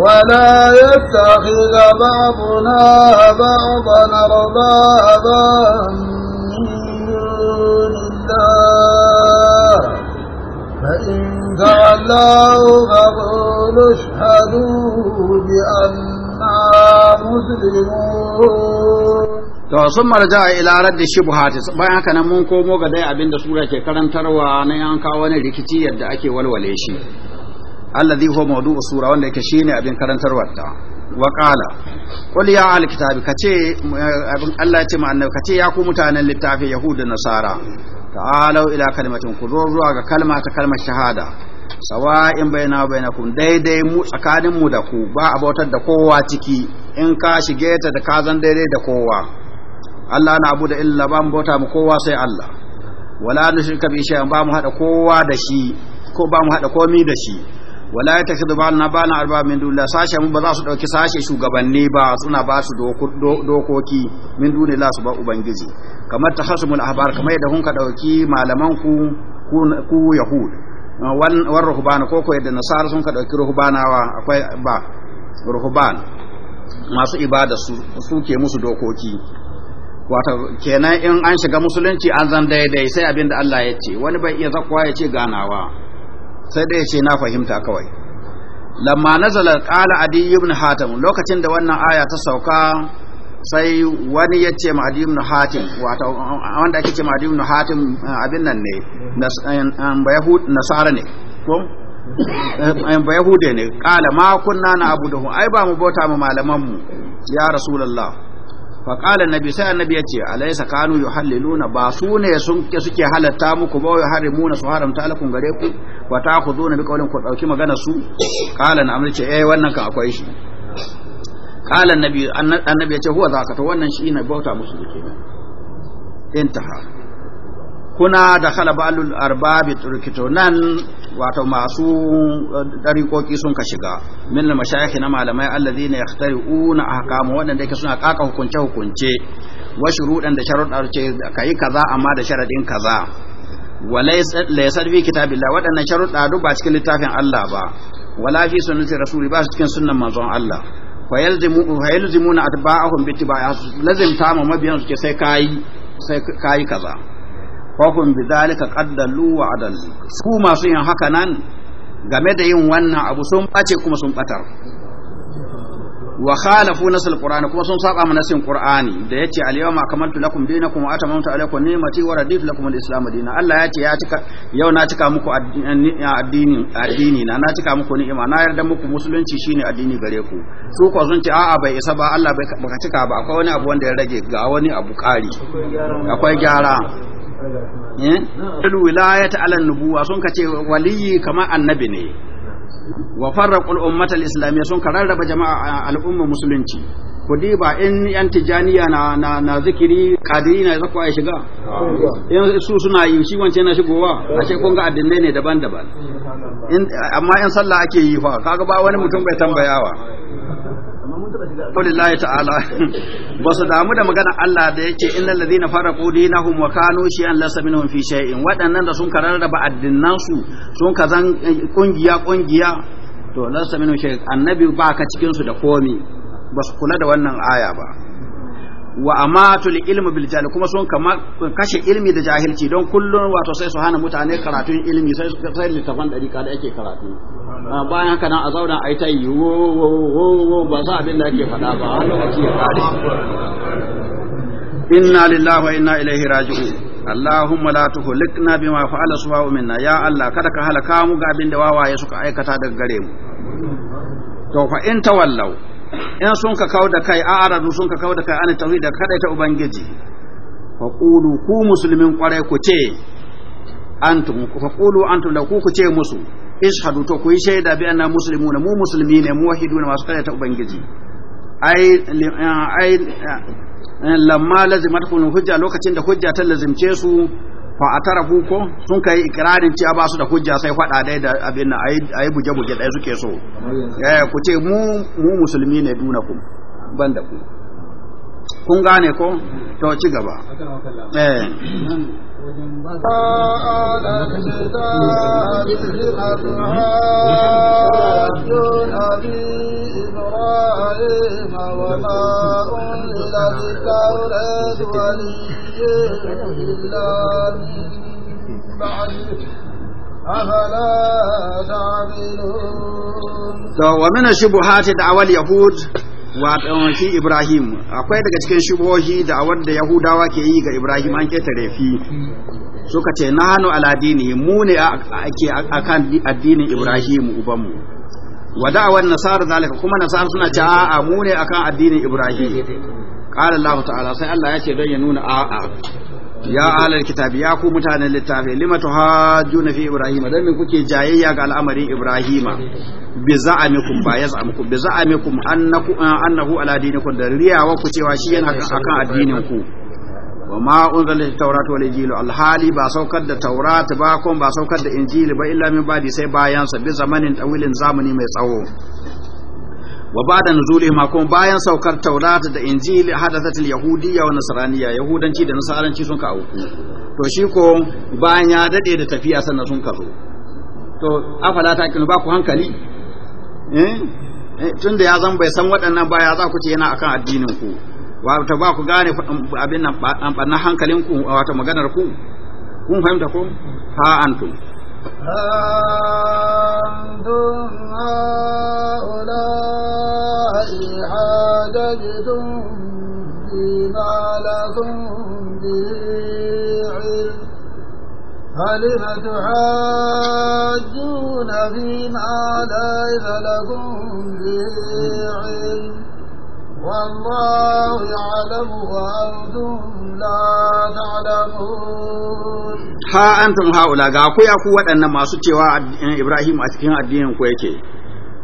ولا يتخذ بعضنا بعضا ربابا من دون الله فإن فعلوا فقولوا اشهدوا بأننا مسلمون to sun marja ila shi buhati bayan haka nan mun komo ga dai abinda sura ke karantarwa na yan kawo wani rikici yadda ake walwale shi alladhi huwa mawdu'u sura wanda yake shine abin karantarwar ta wa qala qul ya ahli kitabi kace abin Allah ya ce ma annabi kace ya ku mutanen littafi yahudu nasara ta'alau ila kalimatin ku zo zuwa ga kalma ta kalmar shahada sawa'in bayna bainakum daidai mu tsakanin mu da ku ba abautar da kowa ciki in ka shige ta da ka zan daidai da kowa Allah na abu da illa ba mu bauta mu kowa sai Allah wala nushrika bi shay'in ba mu hada kowa da shi ko ba mu hada komai da shi wala yatakhidu ba'na ba'na arba min dunillah sashe mu ba za su dauki sashe shugabanni ba suna ba su dokoki min dunillah su ba ubangiji kamar tahasumul ahbar kamar yadda kun ka dauki malaman ku ku yahud war ruhban ko ko yadda nasara sun ka dauki ruhbanawa akwai ba ruhban masu ibada su ke musu dokoki wato kenan in an shiga musulunci an zan daidai sai abin da Allah ya ce wani bai iya zakwa ya ce ganawa sai dai ya ce na fahimta kawai lamma nazala qala adi ibn hatim lokacin da wannan aya ta sauka sai wani ya ce ma'adi ibn hatim wato wanda ake ce ma'adi ibn hatim abin nan ne na yahud nasara ne ko ba bayahude ne qala ma kunna na abuduhu ai ba mu bauta mu malaman mu ya rasulullah faƙalar nabi sai annabi ya ce alaisa kanu yi halliluna ba su ne suke halatta muku ba ya harimu na su haramta alakun gare ku ba ta ku zo na bi kawalin ku ɗauki magana su ƙalar na amurce eh wannan ka akwai shi ƙalar nabi annabi ya ce huwa za ka ta wannan shi na bauta musu da kenan intaha kuna da arba arbabi turkito nan wato masu uh, dariƙoƙi sun ka shiga min mashayikh na malamai alladhina yakhtari'una ahkama wadanda yake suna kaka hukunce hukunce wa shurudan da sharuɗa ce yi kaza amma da sharadin kaza wa laysa fi kitabillah wadannan sharuɗa duk ba cikin littafin Allah ba wala fi sunnati rasuli ba cikin sunnan manzon Allah fa yalzimu fa yalzimuna atba'ahum bi lazim ta mabiyan su ce sai kai sai kai kaza fahim bi zalika qaddalu wa adallu su masu yin haka nan game da yin wannan abu sun bace kuma sun batar wa khalafu nasl qur'ani kuma sun saba mana nasin qur'ani da yace al yawma akmaltu lakum dinakum wa atamamtu alaykum ni'mati wa raditu lakum al islam dinan Allah yace ya cika yau na cika muku addini addini na na cika muku ni'ima na yarda muku musulunci shine addini gare ku su ko sun ce a'a bai isa ba Allah bai baka cika ba akwai wani abu wanda ya rage ga wani abu kari akwai gyara Al eh? wilayata ala nubuwa sun ce waliyi kamar annabi ne wa farraqul islamiyya sun kararraba jama'a a al'umma musulunci di ba in yan tijaniya na zikiri kadiri na zakwa ya shiga in su suna yi shi wance na shigowa a ce kun ga addinai ne daban-daban amma yan sallah ake yi fa kaga ba wani mutum bai tambayawa qulillahi ta'ala ba su damu da magana Allah da yake innal ladina faraqu dinahum wa kanu shay'an lasa minhum fi shay'in waɗannan da sun kararraba addinan su sun kazan kungiya eh, kungiya to lasa minhum shay'in annabi ba ka cikin su da komi ba su kula da wannan aya ba wa amatul ilmi bil jahil kuma sun kama kashe ilmi da jahilci don kullun wato sai su hana mutane karatun ilmi sai sai littafan dariƙa da ake karatu ah, bayan haka nan a zauna a yi ta yi wo wo wo wo ba sa abin da ake faɗa ba har lokaci ya kare inna lillahi wa inna ilaihi raji'un Allahumma la tuhlikna bima fa'ala suwa'u minna ya Allah kada ka halaka mu ga abin da wawaye suka aikata daga gare mu to fa in tawallaw in sun ka kawo da kai a aradu sun ka kawo da kai ana tauhid da kadai ta ubangiji fa qulu ku muslimin kwarai ku ce antum fa qulu antum da ku ku ce musu ishadu to ku yi shaida bi anna muslimuna mu muslimi ne mu wahiduna masu kadai ta ubangiji ai ai eh, lamma lazimat hujja lokacin da hujja ta lazimce su fa tara ko sun kai ikirarin cewa ba su da hujja sai fada dai da abin nan ayi buge buge ɗaya suke so eh, ku ce mu musulmi ne ban da ku kun gane ko to ci gaba eh تعملون. ومن الشبهات دعوة اليهود wato shi Ibrahim akwai daga cikin shubohi da wanda Yahudawa ke yi ga Ibrahim an ketare fi suka ce na ala dini mu ne ake akan addinin Ibrahim ubanmu wada'awan nasara zalika kuma nasarar suna ce a mu ne akan addinin Ibrahim qala Allah ta'ala sai Allah ya ce don ya nuna a'a ya alal kitabi ya ku mutanen littafi lima Juna fi ibrahima dan min kuke jayayya ga al'amarin ibrahima bi za'amikum ba yaz'amukum bi za'amikum annaku annahu ala dinikum da riyawa ku cewa shi yana akan addinin ku wa ma unzila tawratu wal injil al hali ba saukar da taurat ba kun ba saukar da injil ba illa min badi sai bayan sa bi zamanin tawilin zamani mai tsawo wa ba'da nuzuli ma kuma bayan saukar taurata da injili hadathat al-yahudiyya wa nasraniyya yahudanci da nasaranci sun ka auku to shi ko bayan ya dade da tafiya sannan sun kazo to afala ta kinu ba ku hankali eh, eh tunda ya zan bai san waɗannan baya za ku ce yana akan addinin ku wato ba ku gane abin nan banna hankalin ku wato maganar ku kun fahimta ko ha antum أنتم هؤلاء حاججتم فيما لكم به فلم تحاجون فيما ليس لكم به علم والله يعلم وأنتم لا تعلمون ha antum haula ga ku ya ku wadannan masu cewa ibrahim a cikin addinin ku yake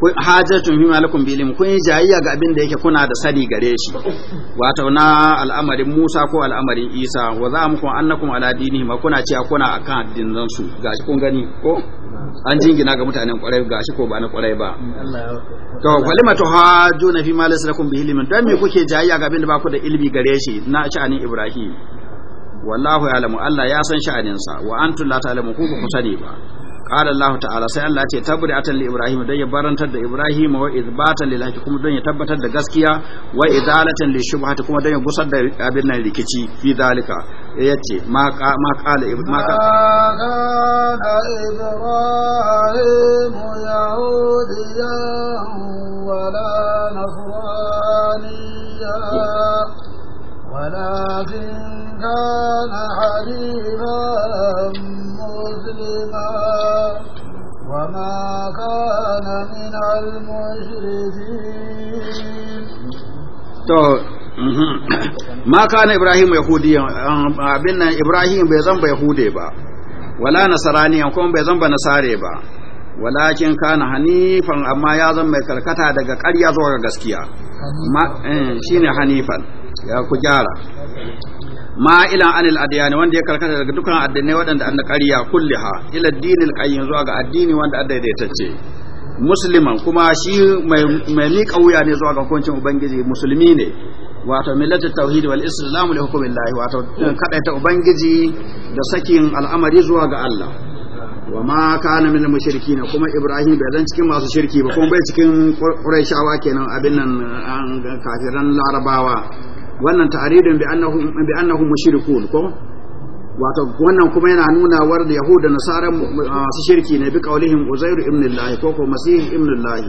hajjatun fi malakum bi kun yi jayayya ga abin da yake kuna da sani gare shi wato na al'amarin Musa ko al'amarin Isa wa za mu kun annakum ala ma kuna cewa kuna akan addinan su gashi kun gani ko an jingina ga mutanen kwarai gashi ko ba na kwarai ba to walima to hajuna fi malakum bi ilmi dan me kuke jayayya ga abin da ba ku da ilmi gare shi na sha'anin Ibrahim wallahu ya'lamu Allah ya san sha'anin sa wa antum la ta'lamu ku ku sani ba qala Allah ta'ala sai Allah ya ce tabri'atan li ibrahim dan ya barantar da ibrahim wa izbatan lil haqi kuma dan ya tabbatar da gaskiya wa izalatan li shubhati kuma dan ya gusar da abin nan rikici fi zalika yace ma ma qala ma qala ibrahim yahudiyan wala nasrani ولكن كان حليما مسلما وما كان من المشركين ma kana ibrahim yahudiyan abin nan ibrahim bai zamba yahude ba wala nasaraniyan kuma bai zamba nasare ba walakin kana hanifan amma ya zama mai karkata daga ƙarya zuwa ga gaskiya shine hanifan ya ku gyara ila anil adiyani wanda ya karkata daga dukkan addinai waɗanda an ƙarya kulliha ila dinil qayyim zuwa ga addini wanda an daidaitacce musliman kuma shi mai mika wuya ne zuwa ga hukuncin ubangiji musulmi ne wato millatu tauhid wal islam li hukmillahi wato kadaita ubangiji da sakin al'amari zuwa ga Allah wa ma kana min mushrikin kuma ibrahim bai zan cikin masu shirki ba kuma bai cikin quraishawa kenan abin nan kafiran larabawa wannan ta'aridun bi annahum bi mushrikun ko wato wannan kuma yana nuna war da yahuda nasara masu shirki ne bi qaulihim uzairu ibn allah ko ko masih ibn allah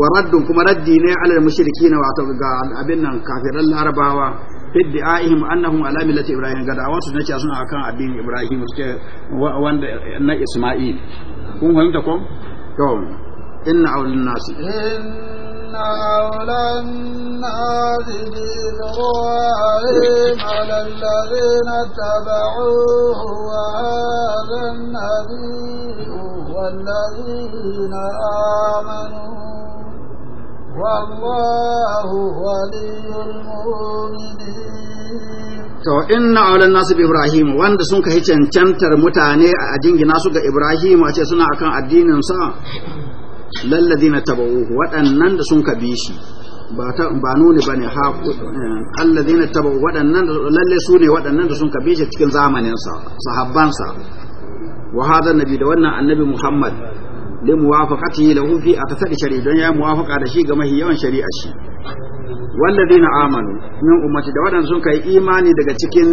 wa raddun kuma raddi ne ala mushrikin wato ga abin nan kafiran larabawa fi da'ihim annahum ala millati ibrahim ga da'awansu ne cewa suna akan addinin ibrahim suke wanda na isma'il kun ko to inna nasi أولى الناس بإبراهيم على الذين اتبعوه وهذا النبي والذين آمنوا والله ولي المؤمنين to inna aulan nasu bi ibrahim wanda sun kai cancantar mutane a jingina su ga ibrahim a ce suna akan addinin sa lalladina tabawuhu waɗannan da sun ka bi shi ba nuni ba ne ha alladina tabawu waɗannan lalle su ne waɗannan da sun ka bi shi cikin zamaninsa sahabbansa wa hada nabi da wannan annabi muhammad li muwafaqatihi lahu fi atasadi shari'a don ya muwafaqa da shi ga mahi yawan shari'a shi wallazina amanu min ummati da wadan sun kai imani daga cikin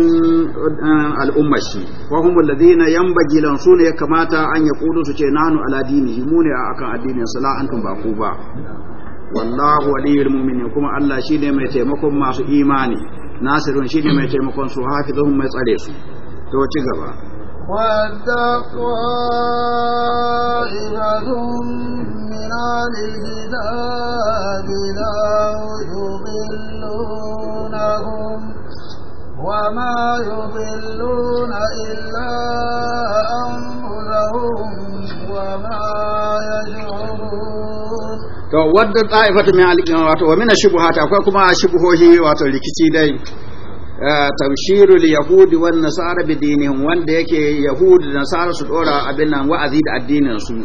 al'ummashi wa hum ladina yanbaji lan sunu ya kamata an ya kudu su ce nanu ala dini mu ne akan addinin sala antum ba ku ba wallahu waliyul mu'minin kuma Allah shine mai taimakon masu imani nasirun shine mai taimakon su hafizuhum mai tsare su to ci gaba والتقائبة من لا يضلونهم وما يضلون إلا أنفسهم وما to wadda ta'ifatu min al-wato wa min ash-shubuhat akwai kuma shubuhohi wato rikici dai Eh, tabshirul yahudi wan nasara dinihim wanda yake yahudi da nasara su dora abin nan wa'azi da addinin su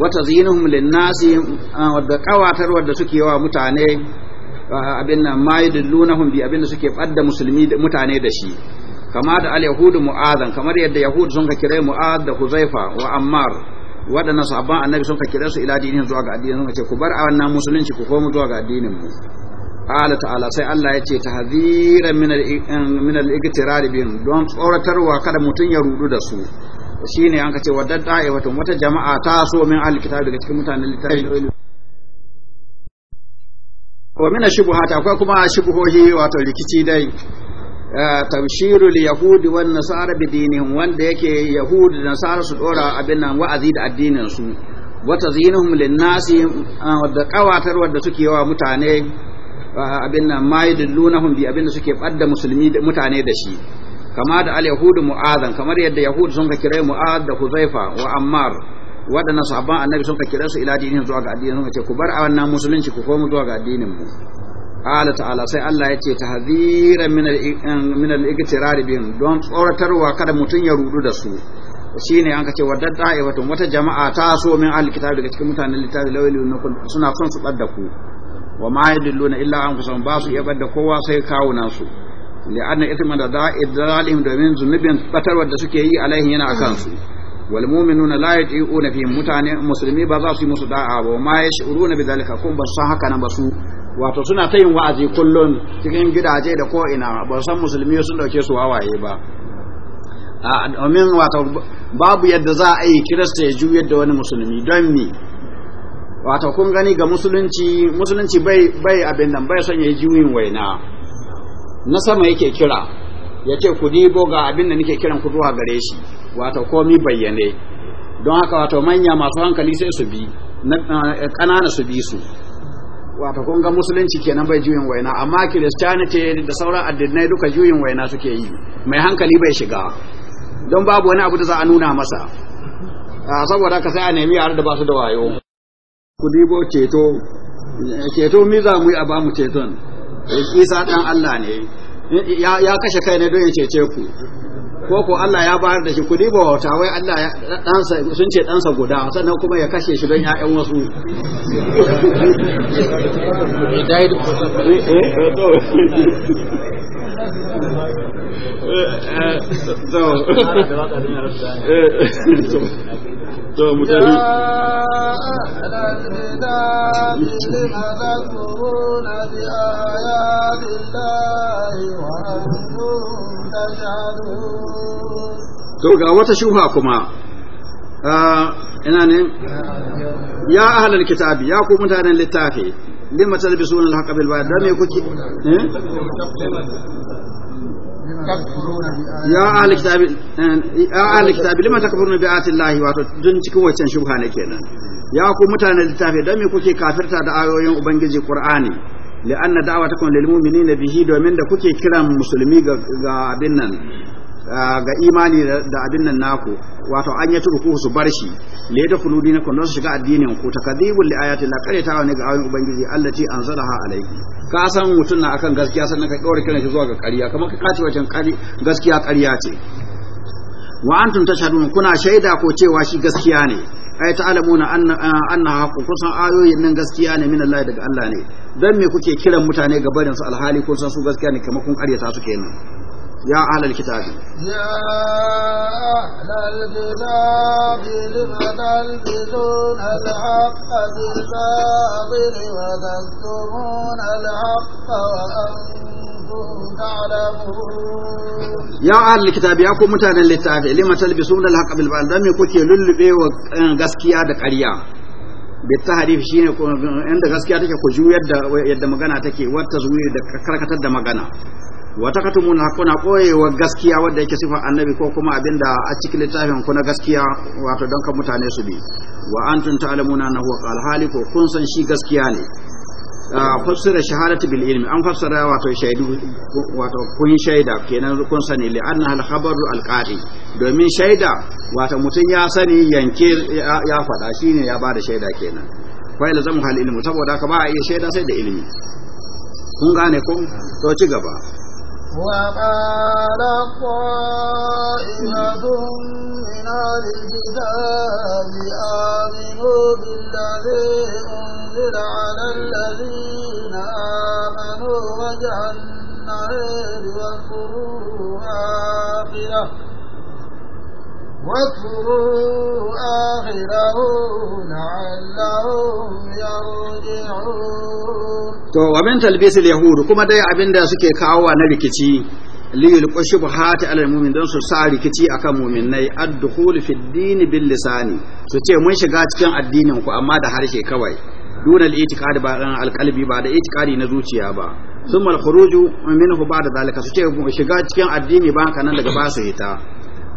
wata zinuhum linnasi eh, wadda kawatar wadda suke wa mutane eh, abin nan mai dillunahum bi abin da suke fadda musulmi mutane da shi kama da al-yahudu mu'adhan kamar yadda yahudu sun ka kire mu'adh da huzaifa wa ammar waɗannan sahabban annabi sun ka kire su ila dinin zuwa ga addinin sun ka ce ku bar a wannan musulunci ku komo zuwa ga addinin mu qala ta'ala sai Allah ya ce tahziran min min al-iqtirar don tsoratarwa kada mutun ya rudu da su shine an kace wadda da'awatun wata jama'a ta so min al-kitab daga cikin mutanen littafi wa min ash-shubuhat akwai kuma shubuhohi wato rikici dai eh, tamshiru li yahudi wan nasara bi dinihim wanda yake yahudi da nasara su dora abin nan wa'azi da addinin su wata zinuhum lin nasi ah, da kawatar wanda suke yawa mutane abin nan mai dillunahum bi abin da suke fadda musulmi mutane da shi kama da al yahudu mu'adhan kamar yadda yahudu sun ka kira mu'adh da huzaifa wa ammar waɗannan sahabban annabi sun ka kira su ila dinin zuwa ga addinin sun ce ku bar a wannan musulunci ku komo zuwa ga addinin mu qala ta'ala sai Allah ya ce tahziran min min al-iqtirar bin don tsoratarwa kada mutun ya rudu da su shine an kace wadda da'iwatun wata jama'a ta so min al-kitab daga cikin mutanen littafi lawali suna son su badda ku wa ma yadilluna illa anfusahum ba su iya da kowa sai kawuna su anna ithma da da'idalim domin zunubin batarwar da suke yi alaihi yana akan su wal mu'minuna la yati'una fi mutane musulmi ba za su yi musu da'a ba ma yash'uruna bi zalika kun ba san haka nan ba su wato suna ta yin wa'azi kullun cikin gidaje da ko ina ba san musulmi sun dauke su wawaye ba a domin wato babu yadda za a yi kirista ya juyar da wani musulmi don me wato kun gani ga musulunci musulunci bai bai abin nan bai son juyin waina na sama yake kira yace ku dibo ga abin da nake kiran ku zuwa gare shi wato komi bayyane don haka wato manya masu hankali sai su bi eh, ƙanana su bi su wato kun ga musulunci kenan bai juyin waina amma christianity da sauran addinai duka juyin waina suke yi mai hankali bai shiga don babu wani abu da za a nuna masa ah, saboda ka sai a nemi yaran da ba su da wayo ku dibo ceto ceto mi za mu yi a ba bamu ceton isa dan Allah ne ya kashe kai ne don ya cece ku ko ko Allah ya bayar da shi ku dibo wata wai Allah ɗansa sun ce ɗansa guda sannan kuma ya kashe shi don ƴaƴan wasu to to ga wata shuha kuma ah, ina ne ya ahalar kitabi ya ku mutanen littafi limatar talbisuna al-haqqa bil batil dan me kuke eh? ya ahli kitab ya ahli kitab lima takfuruna bi ayati dun cikin waccan shubha ne kenan ya ku mutanen littafi dan me kuke kafirta da ayoyin ubangiji Qur'ani li'anna da'watakum lil mu'minina bihi domin da kuke kiran musulmi ga abin nan Ah, ga imani da abin nan naku wato an yi tuku su bar shi le da fuludi na kwandon su shiga addinin ku takadibul li ayati la qarita ne ga ayoyin ubangiji allati anzalaha alayhi ka san mutun na akan gaskiya sannan ka kaura kiran shi zuwa ga kariya kamar ka kace wajen gaskiya kariya ce wa antum tashhadun kuna shaida ko cewa shi gaskiya ne ai alamuna anna ah, anna ku kusan ayoyin nan gaskiya ne min Allah daga Allah ne dan me kuke kiran mutane ga barin su alhali ko san su gaskiya ne kamar kun ta su kenan يا أهل الكتاب يا أهل الكتاب لم تلبسون الحق بالباطل وتكتمون الحق وأنتم تعلمون يا أهل الكتاب يا كم متان للتعافي لم تلبسون الحق بالباطل لم يكن يلبي وغسكيا دقريا قريا بالتحريف inda gaskiya take ku juyar da yadda magana take wata zuwir da karkatar da wata katumun hakuna koyewa gaskiya wadda yake sifa annabi ko kuma abinda a cikin littafin ku na gaskiya wato don ka mutane su bi wa antum ta'lamuna na huwa alhali ko kun san shi gaskiya ne fassara shahadatu bil ilmi an fassara wato shaidu wato kun shaida kenan kun sani li anna al khabaru al qati domin shaida wato mutun ya sani yanke ya faɗa shine ya bada shaida kenan fa ilzamu hal ilmu saboda ka ba a iya shaida sai da ilmi kun gane ko to ci gaba وقال طائفة من أهل الكتاب آمنوا بالذي أنزل على الذين آمنوا وجه النهار واذكروا آخره واتلوا آخره لعلهم يرجعون to wa min talbis al kuma dai abinda suke kawo kawowa na rikici liyul qushbuhati alal mu'min don su sa rikici akan mu'minai ad-dukhul fi ad-din bil lisani su ce mun shiga cikin addinin ku amma da harshe kawai duna al-i'tiqad ba dan eh, al-qalbi ba da i'tiqadi na zuciya ba thumma al-khuruju minhu ba da zalika su ce mun shiga cikin addini ba haka daga ba su hita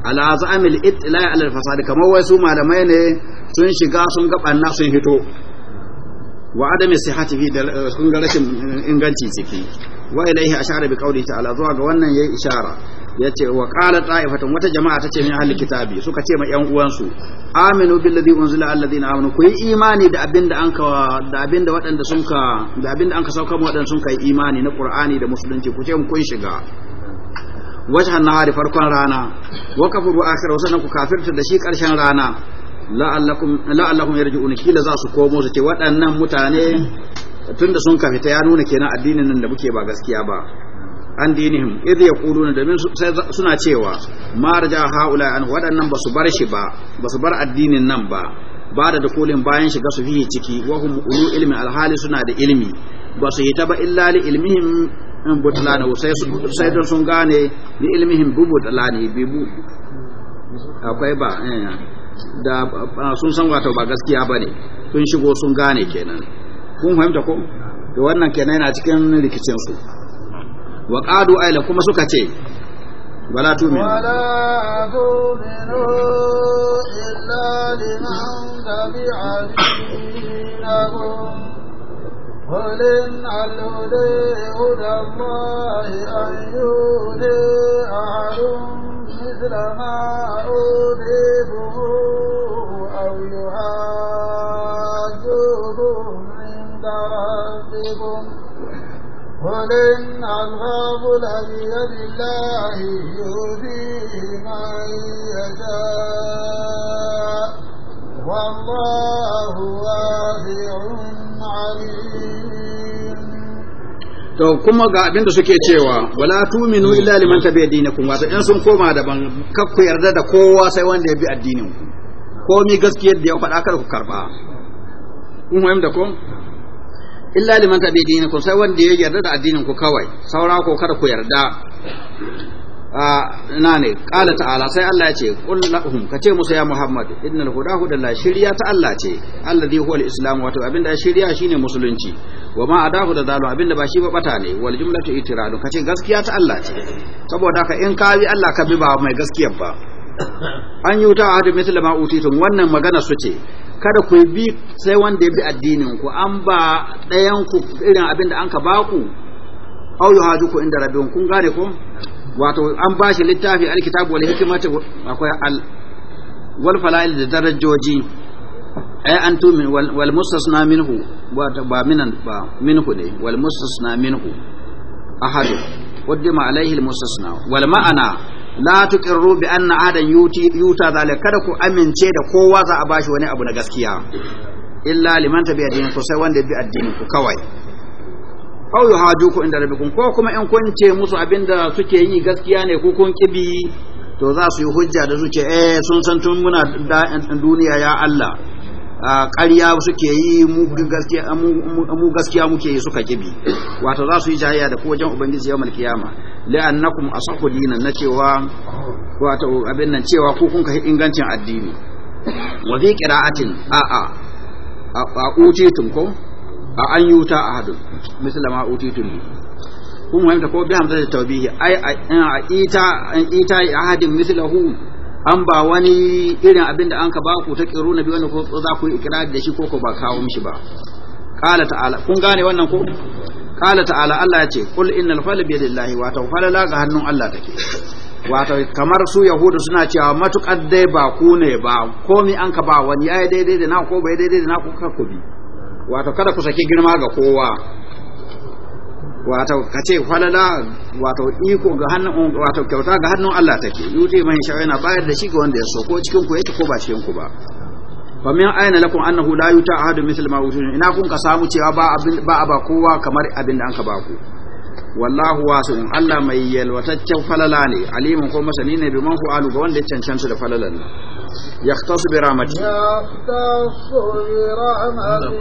ala za'amil itla'i ala kamar wai su malamai ne sun shiga sun ga na sun hito wa adami da eh, sun ga rashin eh, inganci ciki wa ilaihi ashara bi qawli ta'ala zuwa ga wannan yayi ishara yace wa qala ta'ifatan wata jama'a tace min ahli kitabi suka ce ma yan uwansu aminu billadhi unzila alladhina amanu ku yi imani da abinda an ka da abinda waɗanda sun ka da abinda an ka sauka mu waɗanda sun kai imani na qur'ani da musulunci ku ce mu kun shiga wajhan nahari farkon rana wa kafuru akhirah sannan ku kafirta da shi karshen rana la'allakum la'allahum yarji'un kila za su komo su ce waɗannan mutane tunda sun kafi ta ya nuna kenan addinin nan da muke ba gaskiya ba an dinihim idh yaquluna min suna cewa ma raja haula an waɗannan basu bar shi ba basu bar addinin nan ba ba da dukulin bayan shiga su fi ciki wa hum ulu ilmi alhali suna da ilmi ba basu ta ba illa li ilmihim in butlana sai don sun gane butlani akwai ba eh, da sun san wato ba gaskiya ne sun shigo sun gane kenan kun fahimta ko da wannan kenan yana cikin rikicin su wa qadu aila kuma suka ce wala فلن على هدى الله أن يولي مثل ما أوتيته أو يحاجوكم عند ربكم قل إن الغاب بيد الله يؤتيه من يشاء والله واسع عليم to kuma ga abinda suke cewa wala tuminu illa liman tabi'a dinakum wato in sun koma daban kar ku yarda da kowa sai wanda ya bi addinin ku komi gaskiyar da ya faɗa kar ku karba kun fahimta ko illa liman tabi'a dinakum sai wanda ya yarda da addinin ku kawai saura ko kada ku yarda Ah, na ne ƙala ta'ala sai Allah ya ce ƙullahum lahum kace musu ya Muhammad innal huda la shirya ta Allah ce allazi huwa alislam wato abinda shirya shine musulunci wa ma adahu da zalu abinda ba shi ba bata ne wal jumlatu itiradu kace gaskiya ta Allah ce saboda haka in ka bi Allah ka bi ba mai gaskiya ba (coughs) an yi wuta ahadu misal ma utitun wannan magana su ce kada ku bi sai wanda ya bi addinin ku an ba dayan ku irin abinda an ka baku au yuhajuku inda rabbihum kun gane ko wato an ba shi littafi kitabu wani hikimata akwai al wal falail da darajoji ay an tumin wal mustasna minhu ba minan ba minhu ne wal mustasna minhu ahadu qaddima alaihi al mustasna wal ma'ana la tuqirru bi anna ahadan yuti yuta zalika kada ku amince da kowa za a bashi wani abu na gaskiya illa liman tabi'a dinin ku sai wanda bi addinin ku kawai aw ku inda rabbikum ko kuma in kun ce musu abinda suke yi gaskiya ne ko kun kibi to za su yi hujja da su ce eh sun san tun muna da duniya ya Allah ƙarya suke yi mu gaskiya muke yi suka kibi wato za su yi jayya da kowajen ubangiji yawon kiyama la'annakum asahhu dinan na cewa wato abin nan cewa ko kun ka ingancin addini wa fi qira'atin a'a a utitum ko a an a ahadun misali ma utitun kun wanda ko bi da tawbihi ai a ita an ita misali hu an ba wani irin abin da an ka ba ku ta kiru na biyu wanda ko za ku yi da shi ko ko ba kawo mishi ba qala ta'ala kun gane wannan ko qala ta'ala Allah ya ce qul innal fal bi yadillahi wa tawfala ga hannun Allah take wato kamar su yahudu suna cewa matukar dai ba ku ne ba komi an ka ba wani yayi daidai da na ko bai daidai da na ko ka ku bi wato kada ku saki girma ga kowa wato ka ce falala wato iko ga hannun wato kyauta ga hannun Allah take yuti mai shawai na bayar da shi ga wanda ya so ko cikin ku yake ko ba cikin ku ba fa min ayna lakum annahu la yuta ahadu mithl ma ina kun ka samu cewa ba abin ba ba kowa kamar abin da anka ba ku wallahu wasi'un Allah mai yalwataccen falala ne alimin ko masani ne bi man ku alu, ga wanda ya cancanta da falalan يختص برحمته يختص برحمته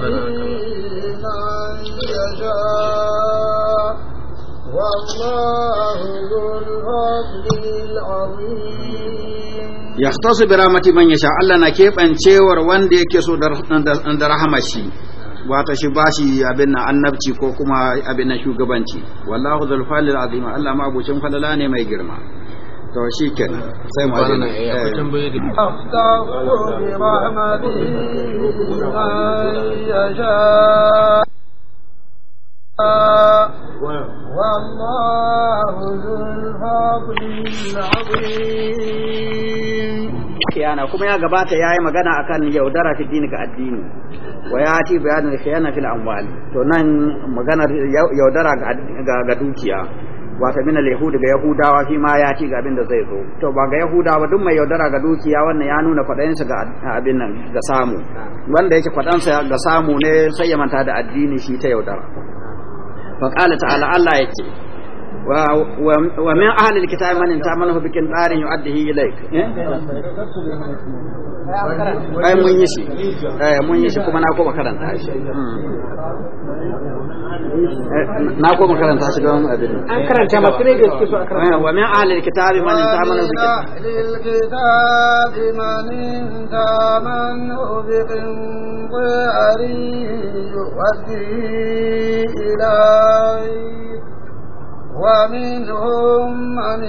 من يشاء والله ذو من يشاء الله na keɓancewar wanda yake so da rahamashi wata shi ba shi abin na annabci ko kuma abin na shugabanci wallahu zulfalil azima Allah ma abucin falala ne mai girma to shi kenan sai mu aje eh, kiyana eh. kuma ya gabata yayi magana akan yaudara fi dini ga addini wa ya ci bayanin khiyana fil amwali to nan maganar yaudara ga dukiya wata min al daga ga yahudawa shi ma ya ci ga abin da zai zo to ba ga yahudawa duk mai yaudara ga dukiya wannan ya nuna kwadan ga abin nan ga samu wanda yake kwadan sa ga samu ne sai ya manta da addini shi ta yaudara fa qala ta'ala Allah yake ومن أهل الكتاب من تعمله بكنتار يؤديه إليك إيه؟ أي من يشي أي من يشي كما ناكو مكرن تاشي ناكو مكرن تاشي قوم أدري أكرن كما تريد ومن أهل الكتاب من تعمله للكتاب من تعمله بكنتار يؤديه إليك ومنهم من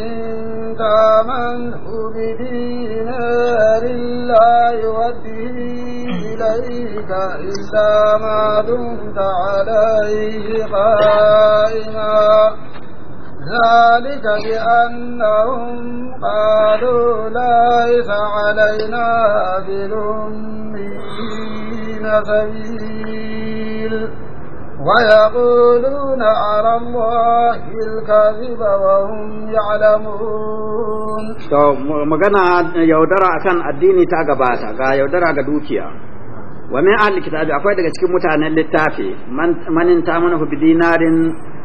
تامنه منه بدينار لا يوديه إليك إلا ما دمت عليه قائما ذلك بأنهم قالوا ليس علينا بالأمين سبيل ويقولون على الله الكذب وهم يعلمون to magana yaudara akan addini ta gabata ga yaudara ga dukiya wa min ahli kitabi akwai daga cikin mutanen littafi manin ta mana hu dinarin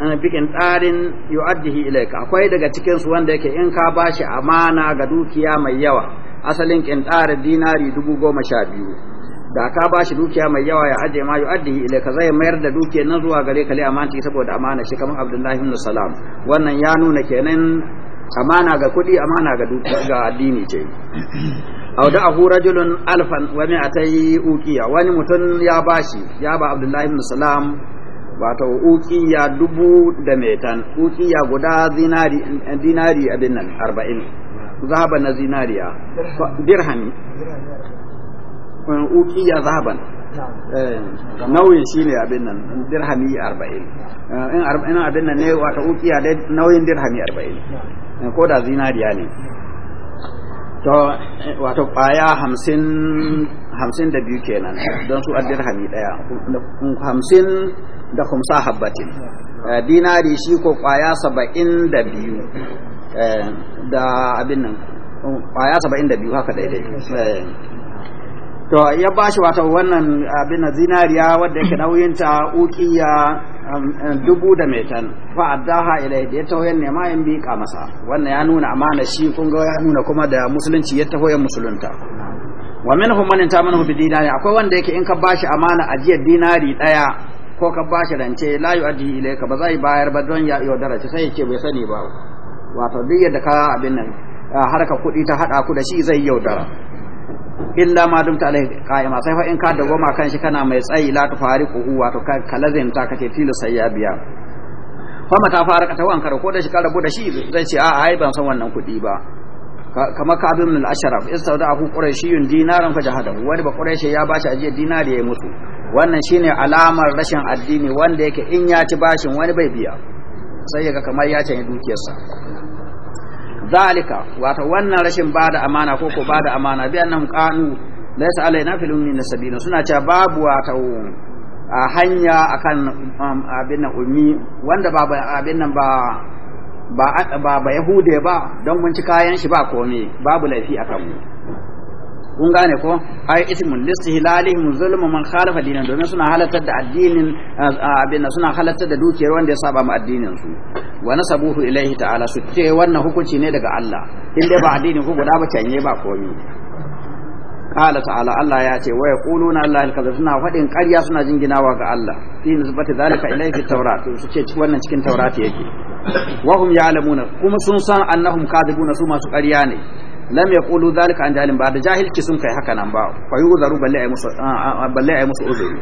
eh, bikin tsarin yu'addihi ilayka akwai daga cikin su wanda yake in ka bashi amana ga dukiya mai yawa asalin kin dinari dubu goma sha biyu da ka ba shi dukiya mai yawa ya aje ma yu'addihi ilayka zai mayar da dukiyar nan zuwa gare ka li amanti saboda amana shi kamar Abdullahi ibn Salam wannan ya nuna kenan amana ga kuɗi amana ga ga addini ce aw da ahu rajulun alfan wa mi'atai uqiya wani mutum ya bashi ya ba Abdullahi ibn Salam wato uqiya dubu da metan uqiya guda dinari dinari abin nan 40 zahaba na zinariya dirhami uqiya zahaban eh, nauyin shine abin nan dirhami arba'in eh, in arba'in abin nan ne wata uqiya dai nauyin dirhami arba'in eh, ko da zinariya ne to wato kwaya hamsin hamsin da biyu kenan don su dirhami daya hamsin da kumsa habbatin dinari shi ko kwaya saba'in da biyu da abin nan kwaya saba'in da biyu haka daidai to ya bashi wata wannan abin zinariya wadda yake ta ukiya um, um, dubu da metan fa addaha ilai da ya ne ma in bika masa wannan ya nuna amana shi kun ga ya nuna kuma da musulunci ya tahoyen musulunta wa hum man tamanahu bi dinari akwai wanda yake in ka ba shi amana ajiyar dinari daya ko ka ba shi rance la yu'addi ilayka ba zai bayar ba don ya yaudara sai ya ce bai sani ba wato duk yadda ka abin nan harka kuɗi ta hada ku da shi zai yaudara illa ma dumta alai qa'ima sai fa in ka dawoma kan shi kana mai tsayi la huwa to ka kalazin ta kace tilu sai biya fa mata faraka ta wanka ko da shi ka rabu da shi zai ce a ai ban san wannan kuɗi ba kama ka abin min al-asharaf in sauda quraishi yun dinaran fa jahada wani ba quraishi ya bashi ajiya dinari ya mutu wannan shine alamar rashin addini wanda yake in ya ci bashin wani bai biya sai ya ga kamar ya canye dukiyarsa zalika wato wannan rashin ba da amana ko ko bada amana bi annahum qanu laysa alaina fil ummi nasabina suna cewa babu wato a hanya akan um, abin nan ummi wanda ba abin nan ba ba ba yahude ba don mun ci kayan shi ba komai babu laifi akan mu kun gane ko ai ismun listihlalihim zulmu man khalafa dinan domin suna halartar da addinin abin suna halartar da dukiyar wanda ya saba ma addinin su wa nasabuhu ilaihi ta'ala su ce wannan hukunci ne daga Allah in dai ba addinin ku guda ba canye ba komi qala ta'ala Allah ya ce wa yaquluna Allah al-kadhib suna fadin ƙarya suna jinginawa ga Allah fi nisbati zalika ilaihi fit su ce wannan cikin taurat yake wa hum ya'lamuna kuma sun san annahum kadhibuna su masu ƙarya ne lam yaqulu dhalika an jahilin ba da jahilci sun kai haka nan ba fa yuzaru balle ay musu balle ay musu uzuri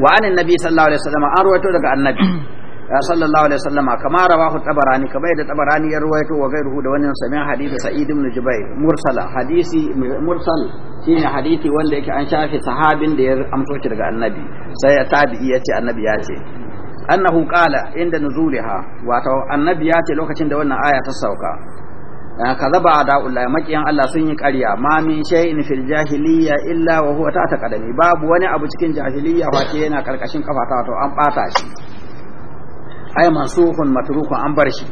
wa an annabi sallallahu alaihi wasallam an ruwaito daga annabi sallallahu alaihi wasallam kama rawahu tabarani kama da tabarani ya ruwaito wa gairuhu da wannan samin hadisi sa'id ibn jubair mursala hadisi mursal shine hadisi wanda yake an shafe sahabin da ya amso shi daga annabi sai tabi'i yace annabi ya ce annahu qala inda nuzuliha wato annabi ya ce lokacin da wannan aya ta sauka kazaba da ulai makiyan Allah sun yi ƙarya ma min in fil jahiliyya illa wa huwa ta taqadami babu wani abu cikin jahiliyya wace yana karkashin kafata to an bata shi ay masuhun matrukun an bar shi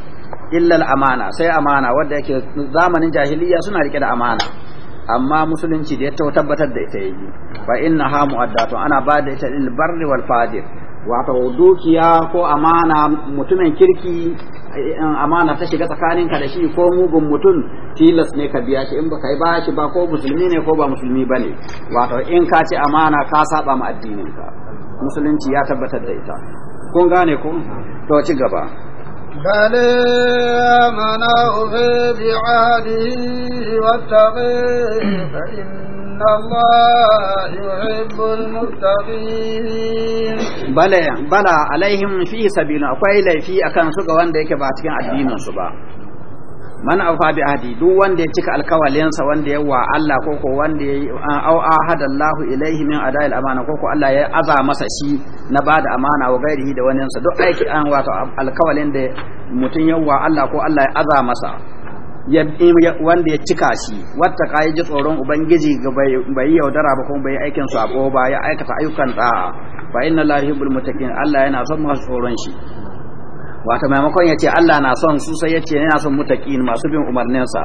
illa al amana sai amana wanda yake zamanin jahiliyya suna rike da amana amma musulunci da ya tabbatar da ita yi fa inna ha mu'addatu ana ba da ita lil barri wal fajir wato dukiya ko amana mutumin kirki eh, amana ta shiga tsakanin ka da shi ko mugun mutum tilas ne ka biya shi in baka yi ba shi ba ko musulmi ne ko ba musulmi ba ne wato in ka ce amana ka saba ma addininka musulunci ya tabbatar da ita kun gane ku to ci gaba بل آمن أوفي بعهده واتقي فإن الله يحب المتقين بلى بلى عليهم فيه سبيل أقوى إلي فيه أكان سوى وان ديك باتكين أدين سبا man afa bi ahdi duk wanda ya cika alkawalinsa wanda ya wa Allah ko ko wanda ya au ahada Allahu ilaihi min ada'il amana ko ko Allah ya aza masa shi na bada amana wa gairihi da wani sa duk aiki an wato alkawalin da mutun ya wa Allah ko Allah ya aza masa wanda ya cika shi wata kai ji tsoron ubangiji ga bai yaudara ba kuma bai aikin su sabo ba ya aikata ayyukan ta fa inna lahi bil mutakin Allah yana son masu tsoron shi wato maimakon ya ce Allah na son su sai ya ce yana son mutaki masu bin umarninsa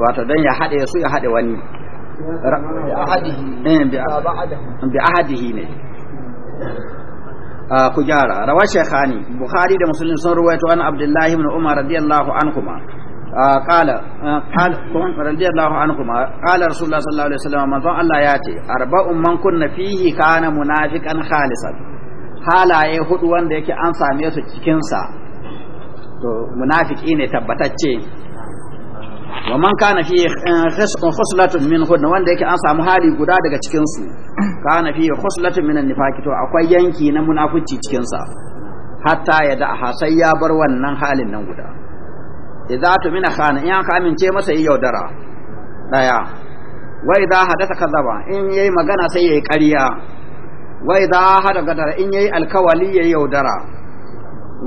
wato don ya haɗe su ya haɗe wani eh, bi ahadihi ne ah, ku gyara rawa shekhani bukhari da musulun sun ruwaito wani abdullahi ibn umar radiyallahu anhuma قال قال رضي الله عنهما قال رسول الله صلى الله عليه وسلم من الله ياتي اربع من كن فيه كان منافقا halaye hudu wanda yake an same su cikinsa to munafiki ne tabbatacce wa man kana fi khuslatun eh, min hunna wanda yake an samu hali guda daga cikin su kana fi khuslatun min nifaqi to akwai yanki na munafici cikin sa hatta ya da sai ya bar wannan halin nan guda idza tumina khana in ka amince masa yi yaudara daya wa idza hadatha kadhaba in yayi magana sai yayi ƙarya wa idza hada gadara in yayi alkawali yayi yaudara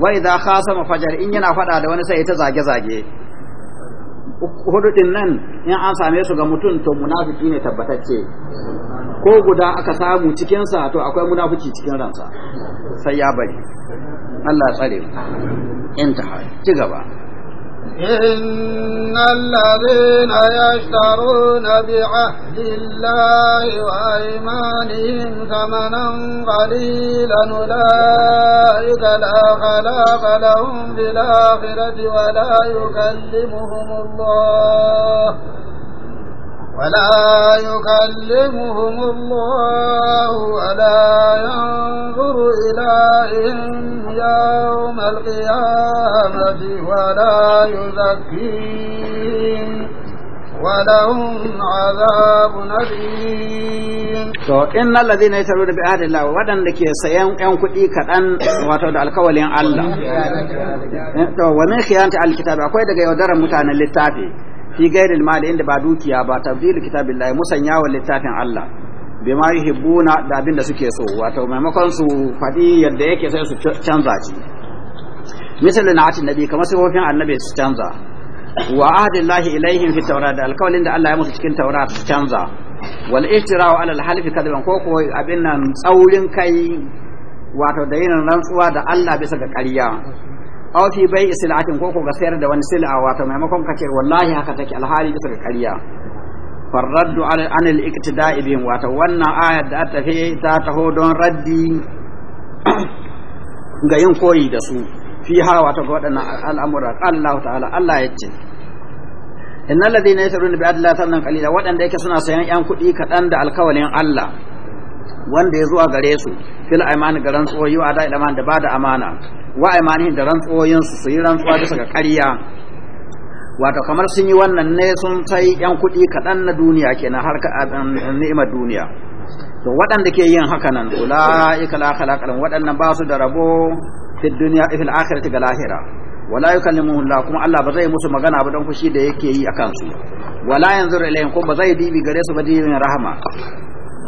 wa idza khasa mafajar in yana fada da wani sai ta zage zage hudu nan in an same su ga mutum to munafiki ne tabbatacce ko guda aka samu cikinsa to akwai munafiki cikin ransa sai ya bari Allah tsare mu intaha ci gaba إن الذين يشترون بعهد الله وأيمانهم ثمنا قليلا أولئك لا خلاق لهم في الآخرة ولا يكلمهم الله ولا يكلمهم الله ولا ينظر إليهم يوم القيامة ولا يزكيهم ولهم عذاب أليم to in allazi ne taru da bi'ahdi Allah waɗanda ke sayan 'yan kuɗi kaɗan wato da alkawalin Allah eh, to wa min khiyanta alkitabi akwai daga yaudarar mutanen littafi fi da mali inda ba dukiya ba tabdilu kitabillahi musanya wa littafin Allah bima yuhibbuna da abin da suke so wato maimakon su faɗi yadda yake sai su canza shi Misali na atin nabi kamar sifofin annabi su canza wa ahdillahi ilaihim fi tawrat da alkawalin da Allah ya musu cikin tawrat su canza wal iftira'u ala al-half kadaban ko ko abin nan tsaurin kai wato da yin rantsuwa da Allah bisa ga ƙarya aw fi bai'i sil'atin ko ko ga sayar da wani sil'a wato maimakon kace wallahi haka take alhali bisa ga ƙarya ala an al-iktida'i bihim wato wannan ayar da ta fi ta taho don raddi ga yin koyi da su fi ha hawa ta wadannan al'amura Allah ta'ala Allah ya ce innal yasrun bi adla sanan qalila waɗanda yake suna sayan yan kuɗi kaɗan da alkawalin Allah wanda ya zuwa gare su fil aymani garan tsoyi wa da ilman da bada amana wa da rantsoyin su yi rantsuwa bisa ga ƙarya wato kamar sun yi wannan ne sun sai yan kuɗi kaɗan na duniya kenan a ni'imar duniya to waɗanda ke yin haka nan ula'ika la khalaqan waɗannan ba su da rabo fi duniya fil akhirati ga lahira wala yukallimuhu Allah kuma Allah ba zai musu magana ba don fushi da yake yi akan su wala yanzuru ilayhim kuma ba zai dibi gare su ba dibin rahama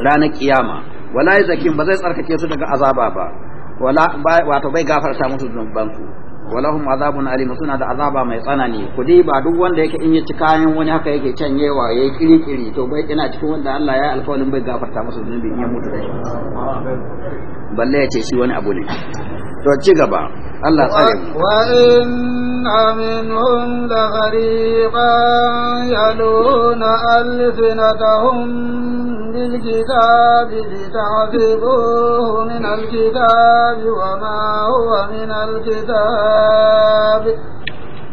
ranar kiyama wala yazakin ba zai tsarkake su daga azaba ba wala wato bai gafarta musu zunubansu walahum azabun alim suna da azaba mai tsanani kudi ba duk wanda yake in ya ci kayan wani haka yake canyewa yayi kirikiri to bai ina cikin wanda Allah ya alƙawarin bai gafarta musu zunubi in ya mutu da shi balle ya ce shi wani abu ne to ci gaba Allah tsare mu wa inna minhum la ghariban yaluna alfinatahum bil kitabi litahsibuhu min al kitabi wa ma huwa min al kitabi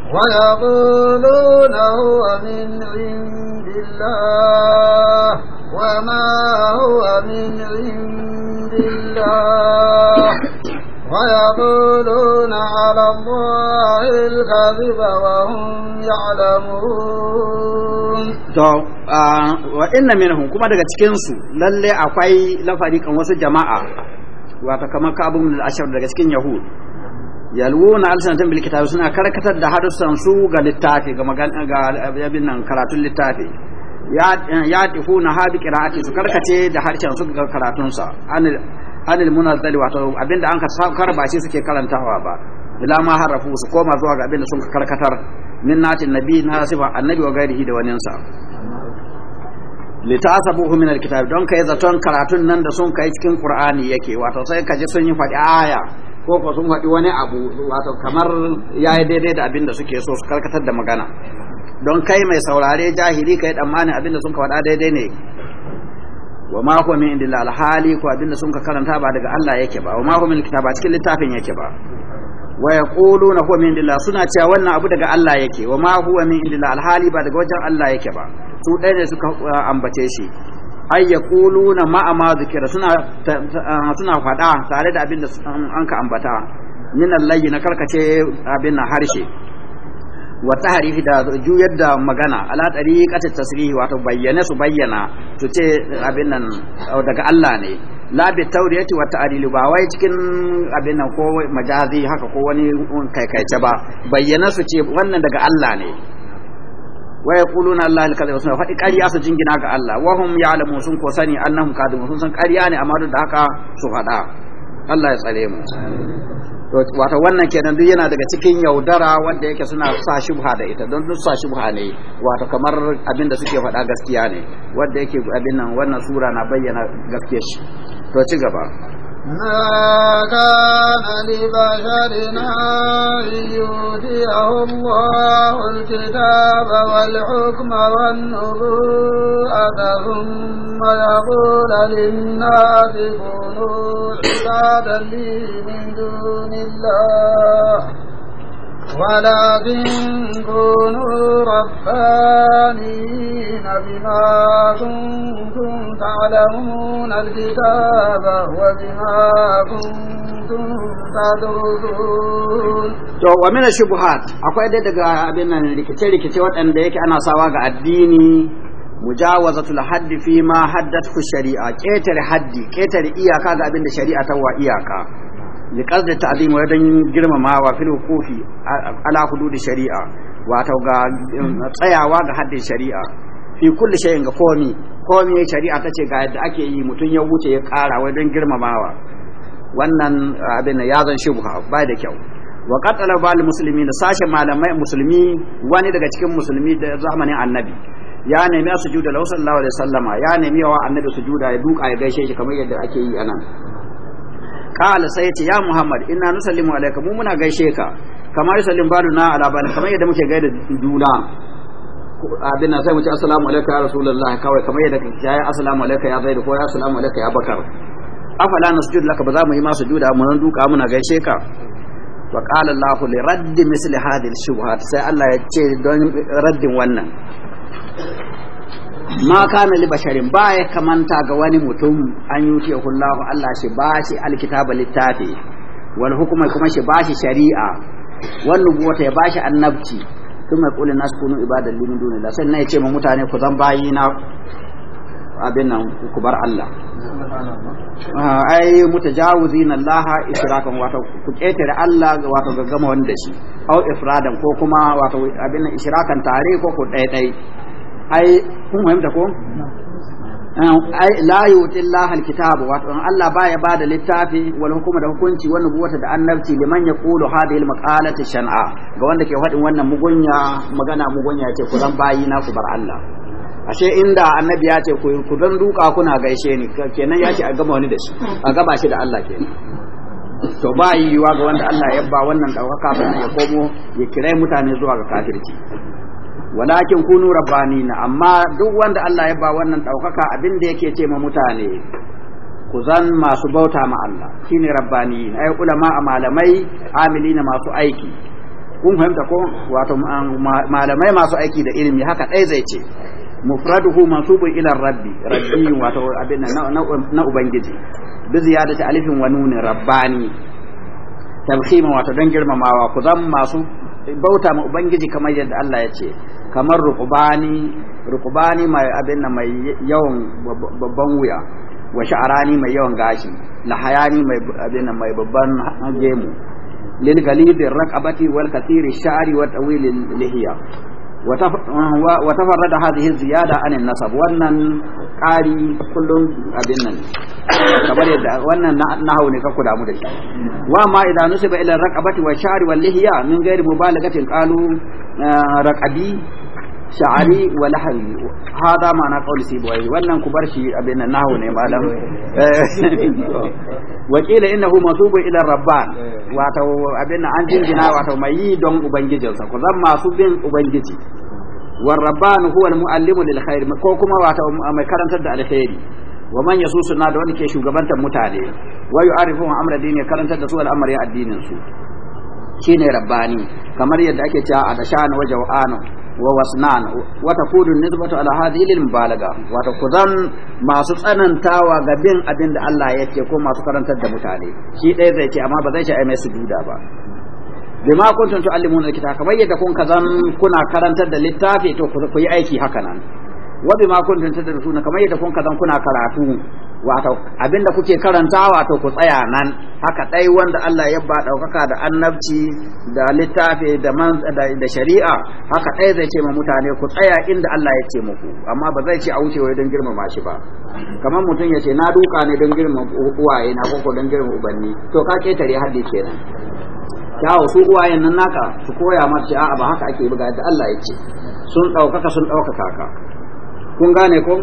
ويقولون هو من عند الله وما هو من عند الله ويقولون على الله الكذب وهم يعلمون wa inna minhum kuma daga cikin su lalle akwai kan wasu jama'a wato kamar Ka'ab ibn al-Ashar daga cikin Yahud yalwuna alsanatan bil kitab suna karkatar da harusan su ga littafi ga ga abin nan karatun littafi ya ya tifuna habi qira'ati su karkace da harshen su ga karatun sa anil munazzal wato abinda an karba shi suke karantawa ba ila ma harafu su koma zuwa ga abinda sun karkatar min natin nabi na sifa annabi wa gairihi da wani sa litasabuhu min alkitab don kai zaton karatun nan da sun kai cikin qur'ani yake wato sai kaje sun yi faɗi aya ko ko sun faɗi wani abu wato kamar yayi daidai da abinda suke so su karkatar da magana don kai mai saurare jahili kai tsammanin abinda sun ka faɗa daidai ne wa ma huwa min indillah alhali ko abinda sun ka karanta ba daga Allah yake ba wa ma huwa min kitaba cikin littafin yake ba wa yaquluna huwa min indillah suna cewa wannan abu daga Allah yake wa ma huwa min indillah alhali ba daga wajen Allah yake ba su ɗaya ne suka uh, ambace shi ay yaquluna ma ma zikira suna uh, suna faɗa tare da abinda um, an ka ambata min allahi na karkace abin harshe wa tahrifi da juyar da magana ala tariqati tasrih wato bayyana su bayyana su ce abin nan daga Allah ne la bi tawriyati wa ta'dil ba wai cikin abin nan ko majazi haka ko wani kaikaice ba bayyana su ce wannan daga Allah ne wa yaquluna allahu al wa sun fa ƙarya su jingina ga Allah wa hum ya'lamu sun ko sani annahum kadhibun sun san ƙarya ne amma duk da haka su faɗa Allah ya tsare mu to wato wannan kenan duk yana daga cikin yaudara wanda yake suna sa shubha da ita don duk sa shubha ne wato kamar abin da suke faɗa gaskiya ne wanda yake abin nan wannan sura na bayyana gaskiyar shi to ci gaba ما كان لبشر أن يؤتيه الله الكتاب والحكم والنبوءة ثم يقول للناس كونوا عبادا لي من دون الله ولكن كونوا ربانين بما كنتم تعلمون الكتاب وبما كنتم تدرسون to wa min shubuhat akwai dai daga abin nan rikice rikice waɗanda yake ana sawa ga addini mujawazatul haddi fi ma haddathu shari'a ƙetare haddi ƙetare iyaka ga abin da shari'a ta wa iyaka li qasdi ta'zim wa dan girmamawa fil hukufi ala hudud shari'a wato ga tsayawa ga haddin shari'a fi kulli shay'in ga komi komi shari'a tace ga yadda ake yi mutun ya wuce ya kara wai don girmamawa wannan abin ya zan shubha ba da kyau wa qatala bal muslimin sashe malamai musulmi wani daga cikin musulmi da zamanin annabi ya nemi sujuda lahu alaihi wasallama ya nemi wa annabi sujuda ya duka ya gaishe shi kamar yadda ake yi anan qala sai yace ya muhammad inna nusallimu alayka mu muna gaishe ka kamar sallim na ala bana kamar yadda muke gaida juna abin sai mu ce assalamu alayka ya rasulullah kawai kamar yadda kake ya assalamu alayka ya zaid ko ya assalamu alayka ya bakar afala nasjud laka ba za mu yi ma sujuda mu nan duka muna gaishe ka wa qala allah li raddi misl hadhihi shubhat sai allah ya ce don raddin wannan ma kana li basharin ba ya kamanta ga wani mutum an yi yuti Allahu Allah shi ba shi alkitaba littafi wal hukuma kuma shi ba shi shari'a wal nubuwata ya ba shi annabci kuma kullu nas kunu ibadan li min dunillah sai na yace ma mutane ku zan bayi na abin nan ku bar Allah ah, ai mutajawizina Allah israkan wato ku ketare Allah wato gaggama wanda shi au ifradan ko kuma wato abin nan israkan tare ko ku ɗaya ɗaya ai kun fahimta ko ai la yuti alkitabu alkitab wato Allah baya bada littafi wal hukuma da hukunci wannan buwata da annabci liman yaqulu hadhihi almaqalati shan'a ga wanda ke fadin wannan mugunya magana mugunya ce ku zan bayi na ku bar Allah ashe inda annabi ya ce ku ku zan duka kuna gaishe ni kenan ya ce a gama wani da shi a gaba shi da Allah kenan to ba yiwuwa ga wanda Allah ya ba wannan daukaka ba ya komo ya kirai mutane zuwa ga kafirci walakin kunu na amma duk wanda Allah ya ba wannan daukaka abin da yake ce ma mutane ku zan masu bauta ma Allah shine rabbanina ai ulama a malamai na masu aiki kun fahimta ko wato malamai masu aiki da ilimi haka dai zai ce mufraduhu mansubun ila rabbi rabbi wato abin na na ubangiji bi ziyadati alifin wa nunin rabbani talkhima wato don girmamawa ku zan masu bauta ma ubangiji kamar yadda Allah ya ce kamar rukubani rukubani mai abin da mai yawan babban wuya wa sha'arani mai yawan gashi hayani mai abin da mai babban gemu lil galidin raqabati wal kathiri sha'ri wa tawil lihiya wa tafarrada hadhihi ziyada an nasab wannan qari kullun abin nan kamar yadda wannan nahawu ne ka kula mu da shi wa ma idan nusiba ila raqabati wa sha'ri wal lihiya min ghairi mubalagatin qalu raqabi sha'ari wa lahabi hada ma'ana qawl sibawai wannan ku bar shi abin nan nahu ne malam wa qila innahu masubun ila rabban wato abin nan an jingina wato mai yi don ubangijinsa ku zan masu bin ubangiji war rabban huwa al muallimu lil khair ko kuma wato mai karantar da alkhairi wa man yasusu na da wani ke shugabantar mutane wa yu'arifu amra dini karantar da su al'amarin addinin su shine rabbani kamar yadda ake cewa adashan wa jawan wa wasnan wa takunu nisbatu ala hadhihi lil mubalagha wa takuzan masu tsanantawa ga bin abin da Allah ya ce ko masu karantar da mutane shi ɗaya zai ce amma ba zai shi ai mai sujuda ba bima kuntum tu'allimuna alkitaba kamar yadda kun kazan kuna karantar da littafi to ku yi aiki haka nan wa bima kuntum tadrusuna kamar yadda kun kazan kuna karatu wato abinda kuke karanta wato ku tsaya nan haka dai wanda Allah ya ba daukaka da annabci da littafi da man da shari'a haka dai zai ce ma mutane ku tsaya inda Allah ya ce muku amma ba zai ce a wucewa wai don girmama shi ba kamar mutum ya ce na duka ne don girmama uwaye na koko don girmama ubanni to ka ketare haddi kenan kyawu su uwayen nan naka su koya mata a'a ba haka ake buga da Allah ya ce sun ɗaukaka sun ɗaukaka ka kun gane ko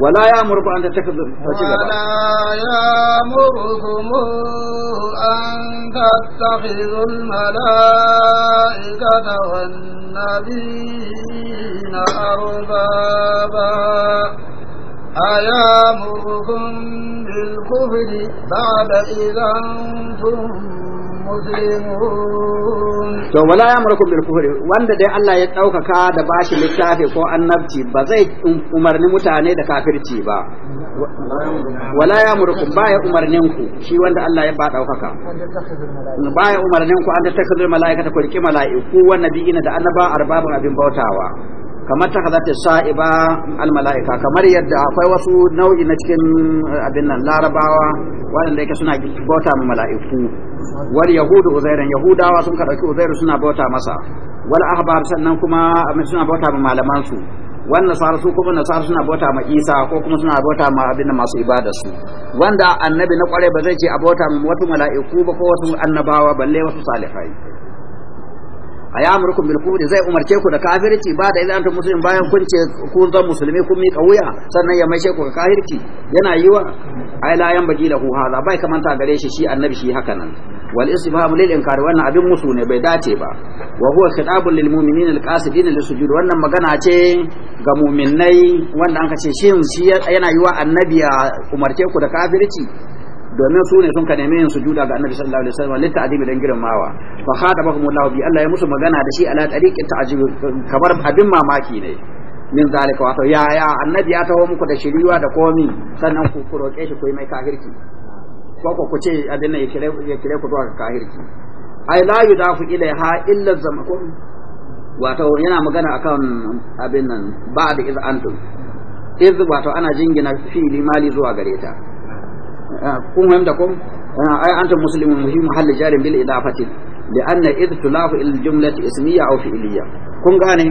wala ya murku an ta taka ta ci gaba wala ya murku an tattakhidhu al malaikata wan nabiyina arbaba aya ayamurukum bil kufri ba'da idan tum to wala ya bil kufri wanda dai Allah ya daukaka da bashi littafi ko annabci ba zai umarni mutane da kafirci ba wala yamrukum baya umarnin ku shi wanda Allah ya ba daukaka baya umarnin ku an da takdir mala'ika ta riki malaiku bi ina da annaba arbabun abin bautawa kamar ta hazata sa'iba al-mala'ika kamar yadda akwai wasu nau'i na cikin eh, abin nan larabawa waɗanda yake suna bauta mala'iku wal yahudu uzairan yahudawa sun ka uzairu suna bauta masa wal ahbar sannan kuma suna bauta ma malaman su wan nasara su kuma nasara suna bauta ma isa ko kuma suna bauta ma abinda masu ibada su wanda annabi na kware ba zai ce a bauta ma wasu mala'iku ba ko wasu annabawa balle wasu salihai ayamurukum bil kufri zai umarce ku da kafirci ba da idan antum bayan kun ce ku zan musulmi kun miƙa wuya sannan ya maishe ku kafirci yana wa ai la yan baji lahu hada bai kamanta gare shi shi annabi shi haka nan wal istifham lil inkar wannan abin musu ne bai dace ba wa huwa khitabun lil mu'minin al qasidin li sujud wannan magana ce ga muminai wanda an ce shi yana yiwa annabi ya umarce ku da kafirci domin su ne sun ka neme yin sujuda ga annabi sallallahu alaihi wasallam litta adibi dan mawa fa bakum Allah bi Allah ya musu magana da shi ala tariqin ta'jib kamar abin mamaki ne min zalika wato ya ya annabi ya taho muku da shiriwa da komi sannan ku ku roke shi ku yi mai kahirki ko ku ce abin nan ya kire ya kire ku zuwa kahirki ai la yudafu ilaiha illa zamakum wato yana magana akan abin nan ba da iz antum iz wato ana jingina fi limali zuwa gare ta kun fahimta ko ai anta muslimun fi mahalli jarin bil idafati anna idh tulafu il jumlati ismiya aw fi'liya kun gane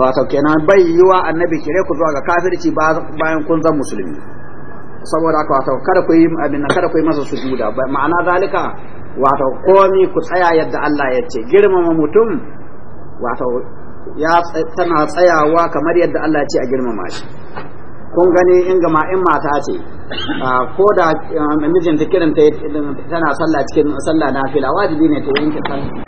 wato kenan bai yiwa annabi kire ku zuwa ga kafirci bayan kun zan musulmi saboda haka wato kada ku yi abin nan kada ku yi masa sujuda ma'ana zalika wato komi ku tsaya yadda Allah ya ce girmama mutum wato ya tana tsayawa kamar yadda Allah ya ce a girmama shi kun gani in gama in mata ce ko da mijinta kiranta tana sallah cikin sallah fila wajibi ne ta yanke sallah